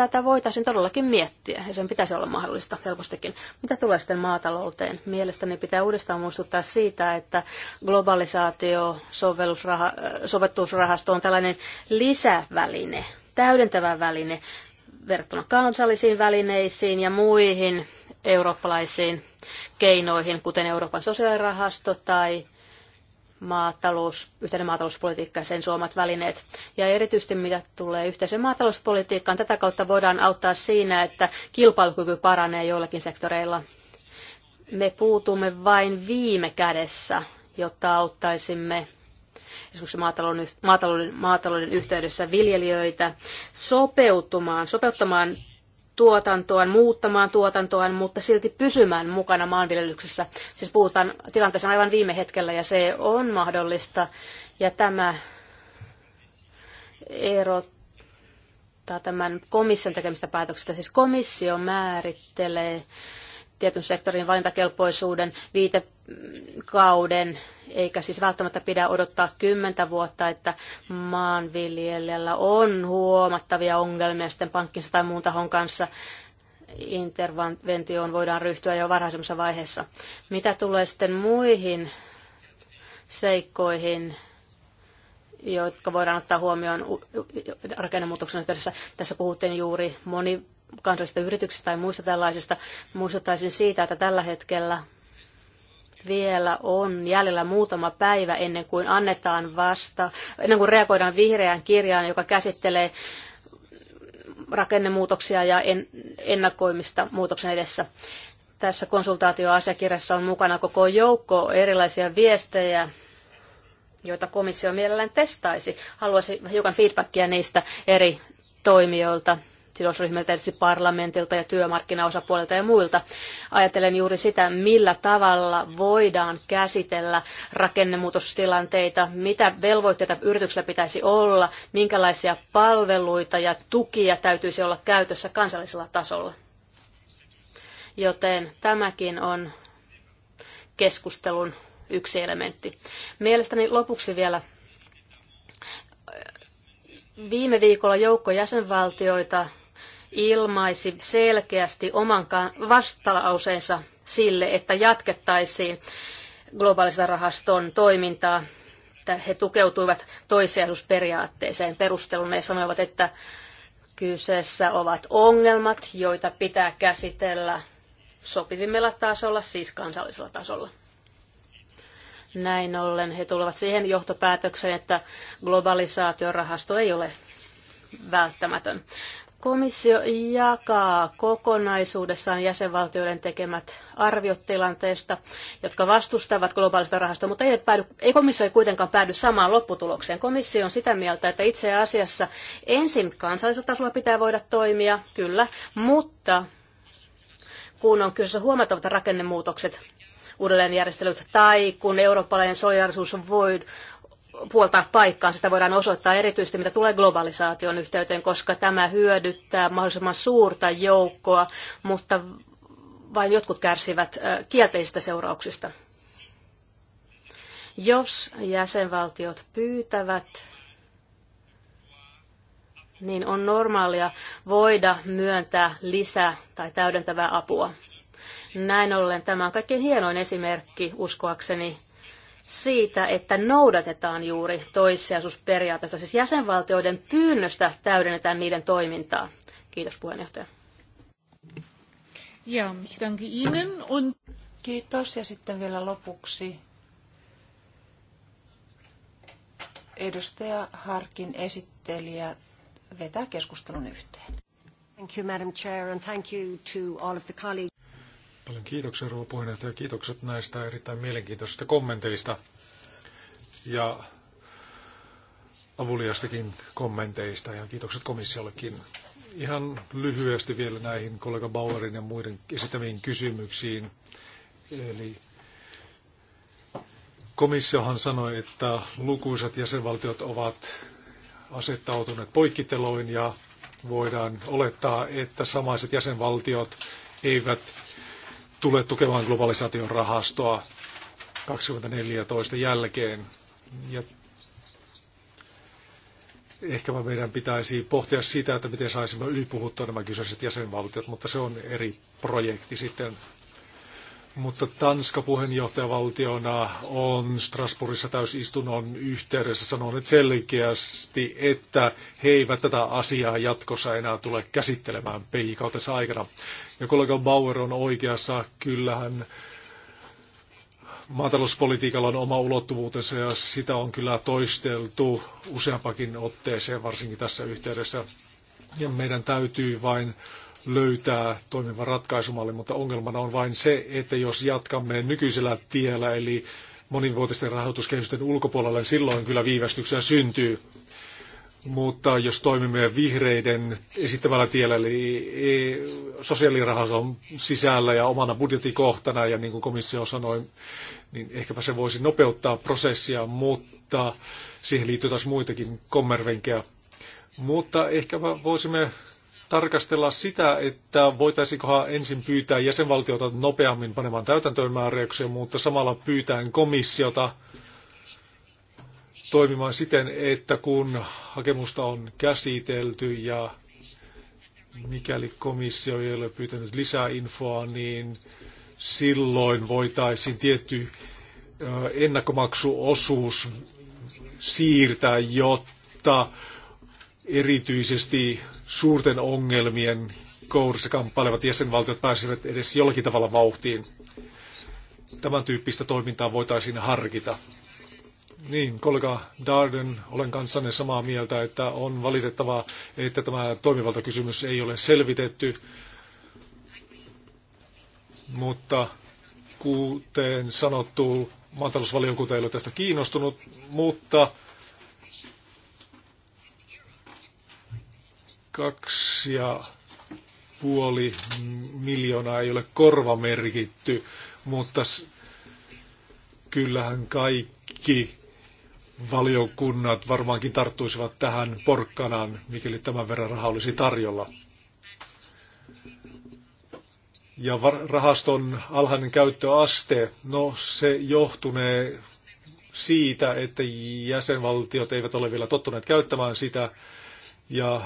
tätä voitaisiin todellakin miettiä, ja sen pitäisi olla mahdollista helpostikin. Mitä tulee sitten maatalouteen? Mielestäni pitää uudestaan muistuttaa siitä, että globalisaatio, sovellusrahasto on tällainen lisäväline, täydentävä väline verrattuna kansallisiin välineisiin ja muihin eurooppalaisiin keinoihin, kuten Euroopan sosiaalirahasto tai maatalous, yhteinen maatalouspolitiikka ja sen suomat välineet. Ja erityisesti mitä tulee yhteiseen maatalouspolitiikkaan, tätä kautta voidaan auttaa siinä, että kilpailukyky paranee joillakin sektoreilla. Me puutumme vain viime kädessä, jotta auttaisimme esimerkiksi maatalouden, maatalouden, maatalouden yhteydessä viljelijöitä sopeutumaan, sopeuttamaan tuotantoaan, muuttamaan tuotantoaan, mutta silti pysymään mukana maanviljelyksessä. Siis puhutaan tilanteessa aivan viime hetkellä ja se on mahdollista. Ja tämä erottaa tämän komission tekemistä päätöksistä. Siis komissio määrittelee tietyn sektorin valintakelpoisuuden, viitekauden eikä siis välttämättä pidä odottaa kymmentä vuotta, että maanviljelijällä on huomattavia ongelmia sitten pankkinsa tai muun tahon kanssa interventioon voidaan ryhtyä jo varhaisemmassa vaiheessa. Mitä tulee sitten muihin seikkoihin, jotka voidaan ottaa huomioon rakennemuutoksen yhteydessä. Tässä puhuttiin juuri monikansallisista yrityksistä tai muista tällaisista. Muistuttaisin siitä, että tällä hetkellä vielä on jäljellä muutama päivä ennen kuin annetaan vasta, ennen kuin reagoidaan vihreään kirjaan, joka käsittelee rakennemuutoksia ja ennakoimista muutoksen edessä. Tässä konsultaatioasiakirjassa on mukana koko joukko erilaisia viestejä, joita komissio mielellään testaisi. Haluaisin hiukan feedbackia niistä eri toimijoilta sidosryhmiltä, erityisesti parlamentilta ja työmarkkinaosapuolilta ja muilta. Ajattelen juuri sitä, millä tavalla voidaan käsitellä rakennemuutostilanteita, mitä velvoitteita yrityksellä pitäisi olla, minkälaisia palveluita ja tukia täytyisi olla käytössä kansallisella tasolla. Joten tämäkin on keskustelun yksi elementti. Mielestäni lopuksi vielä viime viikolla joukko jäsenvaltioita ilmaisi selkeästi oman vastalauseensa sille, että jatkettaisiin globaalista rahaston toimintaa. He tukeutuivat toissijaisuusperiaatteeseen perusteluun ja sanoivat, että kyseessä ovat ongelmat, joita pitää käsitellä sopivimmilla tasolla, siis kansallisella tasolla. Näin ollen he tulevat siihen johtopäätökseen, että globalisaatiorahasto ei ole välttämätön. Komissio jakaa kokonaisuudessaan jäsenvaltioiden tekemät arviot tilanteesta, jotka vastustavat globaalista rahastoa, mutta ei, päädy, ei komissio ei kuitenkaan päädy samaan lopputulokseen. Komissio on sitä mieltä, että itse asiassa ensin kansallisella tasolla pitää voida toimia, kyllä, mutta kun on kyseessä huomattavat rakennemuutokset, uudelleenjärjestelyt tai kun eurooppalainen solidarisuus voi, puoltaa paikkaan. Sitä voidaan osoittaa erityisesti, mitä tulee globalisaation yhteyteen, koska tämä hyödyttää mahdollisimman suurta joukkoa, mutta vain jotkut kärsivät kielteisistä seurauksista. Jos jäsenvaltiot pyytävät, niin on normaalia voida myöntää lisää tai täydentävää apua. Näin ollen tämä on kaikkein hienoin esimerkki, uskoakseni, siitä, että noudatetaan juuri toissijaisuusperiaatteesta, siis jäsenvaltioiden pyynnöstä täydennetään niiden toimintaa. Kiitos puheenjohtaja. Ja, danke Ihnen Kiitos ja sitten vielä lopuksi edustaja Harkin esittelijä vetää keskustelun yhteen. Thank you, Madam Chair, and thank you to all of the colleagues. Paljon kiitoksia, rouva puheenjohtaja. Kiitokset näistä erittäin mielenkiintoisista kommenteista ja avuliastakin kommenteista ja kiitokset komissiollekin. Ihan lyhyesti vielä näihin kollega Bauerin ja muiden esittämiin kysymyksiin. Eli komissiohan sanoi, että lukuisat jäsenvaltiot ovat asettautuneet poikkiteloin ja voidaan olettaa, että samaiset jäsenvaltiot eivät Tulee tukemaan globalisaation rahastoa 2014 jälkeen. Ja ehkä meidän pitäisi pohtia sitä, että miten saisimme ylipuhuttua nämä kyseiset jäsenvaltiot, mutta se on eri projekti sitten mutta Tanska puheenjohtajavaltiona on Strasbourgissa täysistunnon yhteydessä sanonut selkeästi, että he eivät tätä asiaa jatkossa enää tule käsittelemään peikautensa aikana. Ja kollega Bauer on oikeassa, kyllähän maatalouspolitiikalla on oma ulottuvuutensa ja sitä on kyllä toisteltu useampakin otteeseen, varsinkin tässä yhteydessä. Ja meidän täytyy vain löytää toimiva ratkaisumalli, mutta ongelmana on vain se, että jos jatkamme nykyisellä tiellä, eli monivuotisten rahoituskehysten ulkopuolella, niin silloin kyllä viivästyksiä syntyy. Mutta jos toimimme vihreiden esittämällä tiellä, eli e, sosiaalirahaston sisällä ja omana budjettikohtana, ja niin kuin komissio sanoi, niin ehkäpä se voisi nopeuttaa prosessia, mutta siihen liittyy taas muitakin kommervenkejä. Mutta ehkäpä voisimme tarkastella sitä, että voitaisiinkohan ensin pyytää jäsenvaltiota nopeammin panemaan täytäntöön määräyksiä, mutta samalla pyytäen komissiota toimimaan siten, että kun hakemusta on käsitelty ja mikäli komissio ei ole pyytänyt lisää infoa, niin silloin voitaisiin tietty ennakkomaksuosuus siirtää, jotta erityisesti suurten ongelmien kourissa kamppailevat jäsenvaltiot pääsivät edes jollakin tavalla vauhtiin. Tämän tyyppistä toimintaa voitaisiin harkita. Niin, kollega Darden, olen kanssanne samaa mieltä, että on valitettavaa, että tämä toimivaltakysymys ei ole selvitetty. Mutta kuten sanottu, maatalousvaliokunta ei ole tästä kiinnostunut, mutta kaksi ja puoli miljoonaa ei ole korvamerkitty, mutta kyllähän kaikki valiokunnat varmaankin tarttuisivat tähän porkkanaan, mikäli tämän verran raha olisi tarjolla. Ja rahaston alhainen käyttöaste, no se johtunee siitä, että jäsenvaltiot eivät ole vielä tottuneet käyttämään sitä ja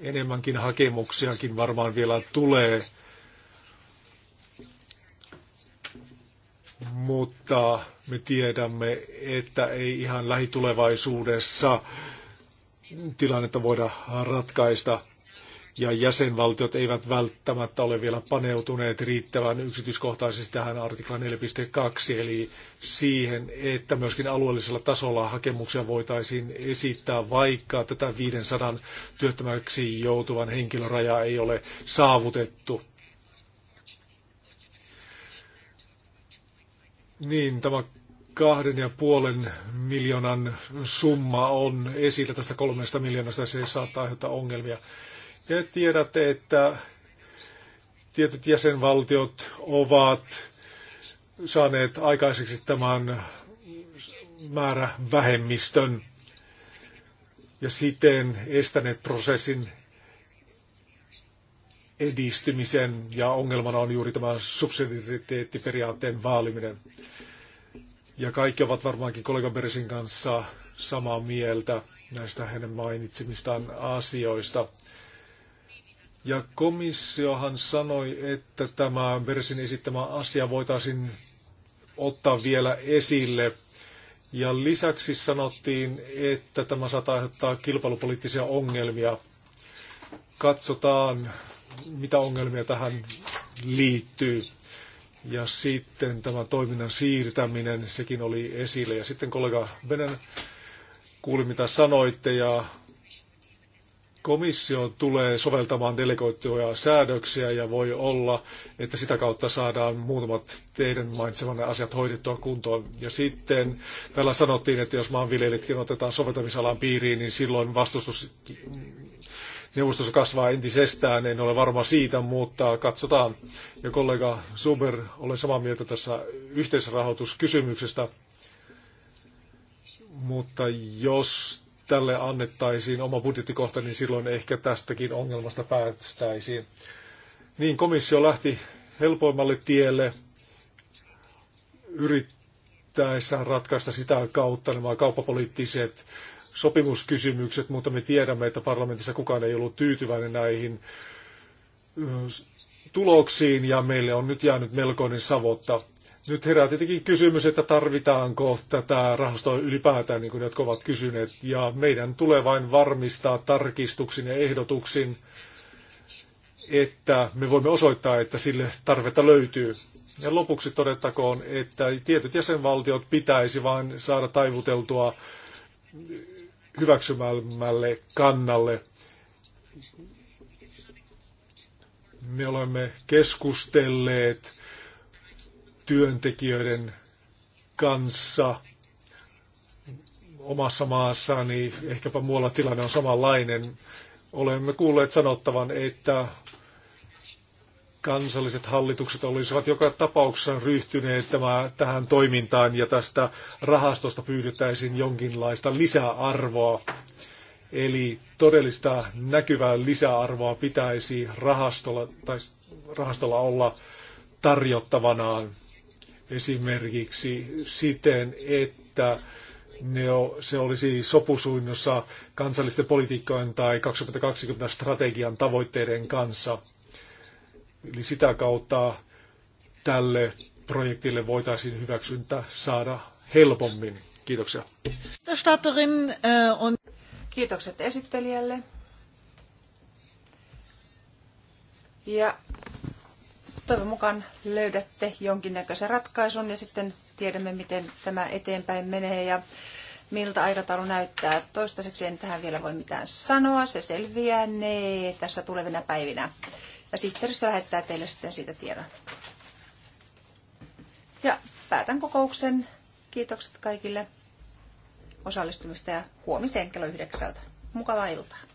enemmänkin hakemuksiakin varmaan vielä tulee. Mutta me tiedämme, että ei ihan lähitulevaisuudessa tilannetta voida ratkaista ja jäsenvaltiot eivät välttämättä ole vielä paneutuneet riittävän yksityiskohtaisesti tähän artikla 4.2, eli siihen, että myöskin alueellisella tasolla hakemuksia voitaisiin esittää, vaikka tätä 500 työttömäksi joutuvan henkilörajaa ei ole saavutettu. Niin, tämä kahden ja puolen miljoonan summa on esillä tästä kolmesta miljoonasta, ja se saattaa aiheuttaa ongelmia. Te tiedätte, että tietyt jäsenvaltiot ovat saaneet aikaiseksi tämän määrä vähemmistön ja siten estäneet prosessin edistymisen ja ongelmana on juuri tämä subsidiariteettiperiaatteen vaaliminen. Ja kaikki ovat varmaankin kollega Bersin kanssa samaa mieltä näistä hänen mainitsemistaan asioista. Ja komissiohan sanoi, että tämä Bersin esittämä asia voitaisiin ottaa vielä esille. Ja lisäksi sanottiin, että tämä saattaa aiheuttaa kilpailupoliittisia ongelmia. Katsotaan, mitä ongelmia tähän liittyy. Ja sitten tämä toiminnan siirtäminen, sekin oli esille. Ja sitten kollega Benen kuuli, mitä sanoitte, ja komissio tulee soveltamaan delegoittuja säädöksiä ja voi olla, että sitä kautta saadaan muutamat teidän mainitsemanne asiat hoidettua kuntoon. Ja sitten täällä sanottiin, että jos maanviljelijätkin otetaan soveltamisalan piiriin, niin silloin vastustus neuvostossa kasvaa entisestään. En ole varma siitä, mutta katsotaan. Ja kollega Zuber, olen samaa mieltä tässä yhteisrahoituskysymyksestä. Mutta jos tälle annettaisiin oma budjettikohta, niin silloin ehkä tästäkin ongelmasta päästäisiin. Niin komissio lähti helpoimmalle tielle yrittäessä ratkaista sitä kautta nämä kauppapoliittiset sopimuskysymykset, mutta me tiedämme, että parlamentissa kukaan ei ollut tyytyväinen näihin tuloksiin ja meille on nyt jäänyt melkoinen savotta. Nyt herää tietenkin kysymys, että tarvitaanko tätä rahastoa ylipäätään, niin kuin jotka ovat kysyneet. Ja meidän tulee vain varmistaa tarkistuksin ja ehdotuksin, että me voimme osoittaa, että sille tarvetta löytyy. Ja lopuksi todettakoon, että tietyt jäsenvaltiot pitäisi vain saada taivuteltua hyväksymälle kannalle. Me olemme keskustelleet työntekijöiden kanssa omassa maassaan, niin ehkäpä muualla tilanne on samanlainen. Olemme kuulleet sanottavan, että kansalliset hallitukset olisivat joka tapauksessa ryhtyneet tämä, tähän toimintaan ja tästä rahastosta pyydettäisiin jonkinlaista lisäarvoa. Eli todellista näkyvää lisäarvoa pitäisi rahastolla, tai rahastolla olla tarjottavanaan esimerkiksi siten, että ne o, se olisi sopusuinnossa kansallisten politiikkojen tai 2020 strategian tavoitteiden kanssa. Eli sitä kautta tälle projektille voitaisiin hyväksyntä saada helpommin. Kiitoksia. Kiitokset äh, esittelijälle. Ja toivon mukaan löydätte jonkinnäköisen ratkaisun ja sitten tiedämme, miten tämä eteenpäin menee ja miltä aikataulu näyttää. Toistaiseksi en tähän vielä voi mitään sanoa, se selviää ne tässä tulevina päivinä. Ja sihteeristö lähettää teille sitten siitä tiedon. Ja päätän kokouksen. Kiitokset kaikille osallistumista ja huomiseen kello yhdeksältä. Mukavaa iltaa.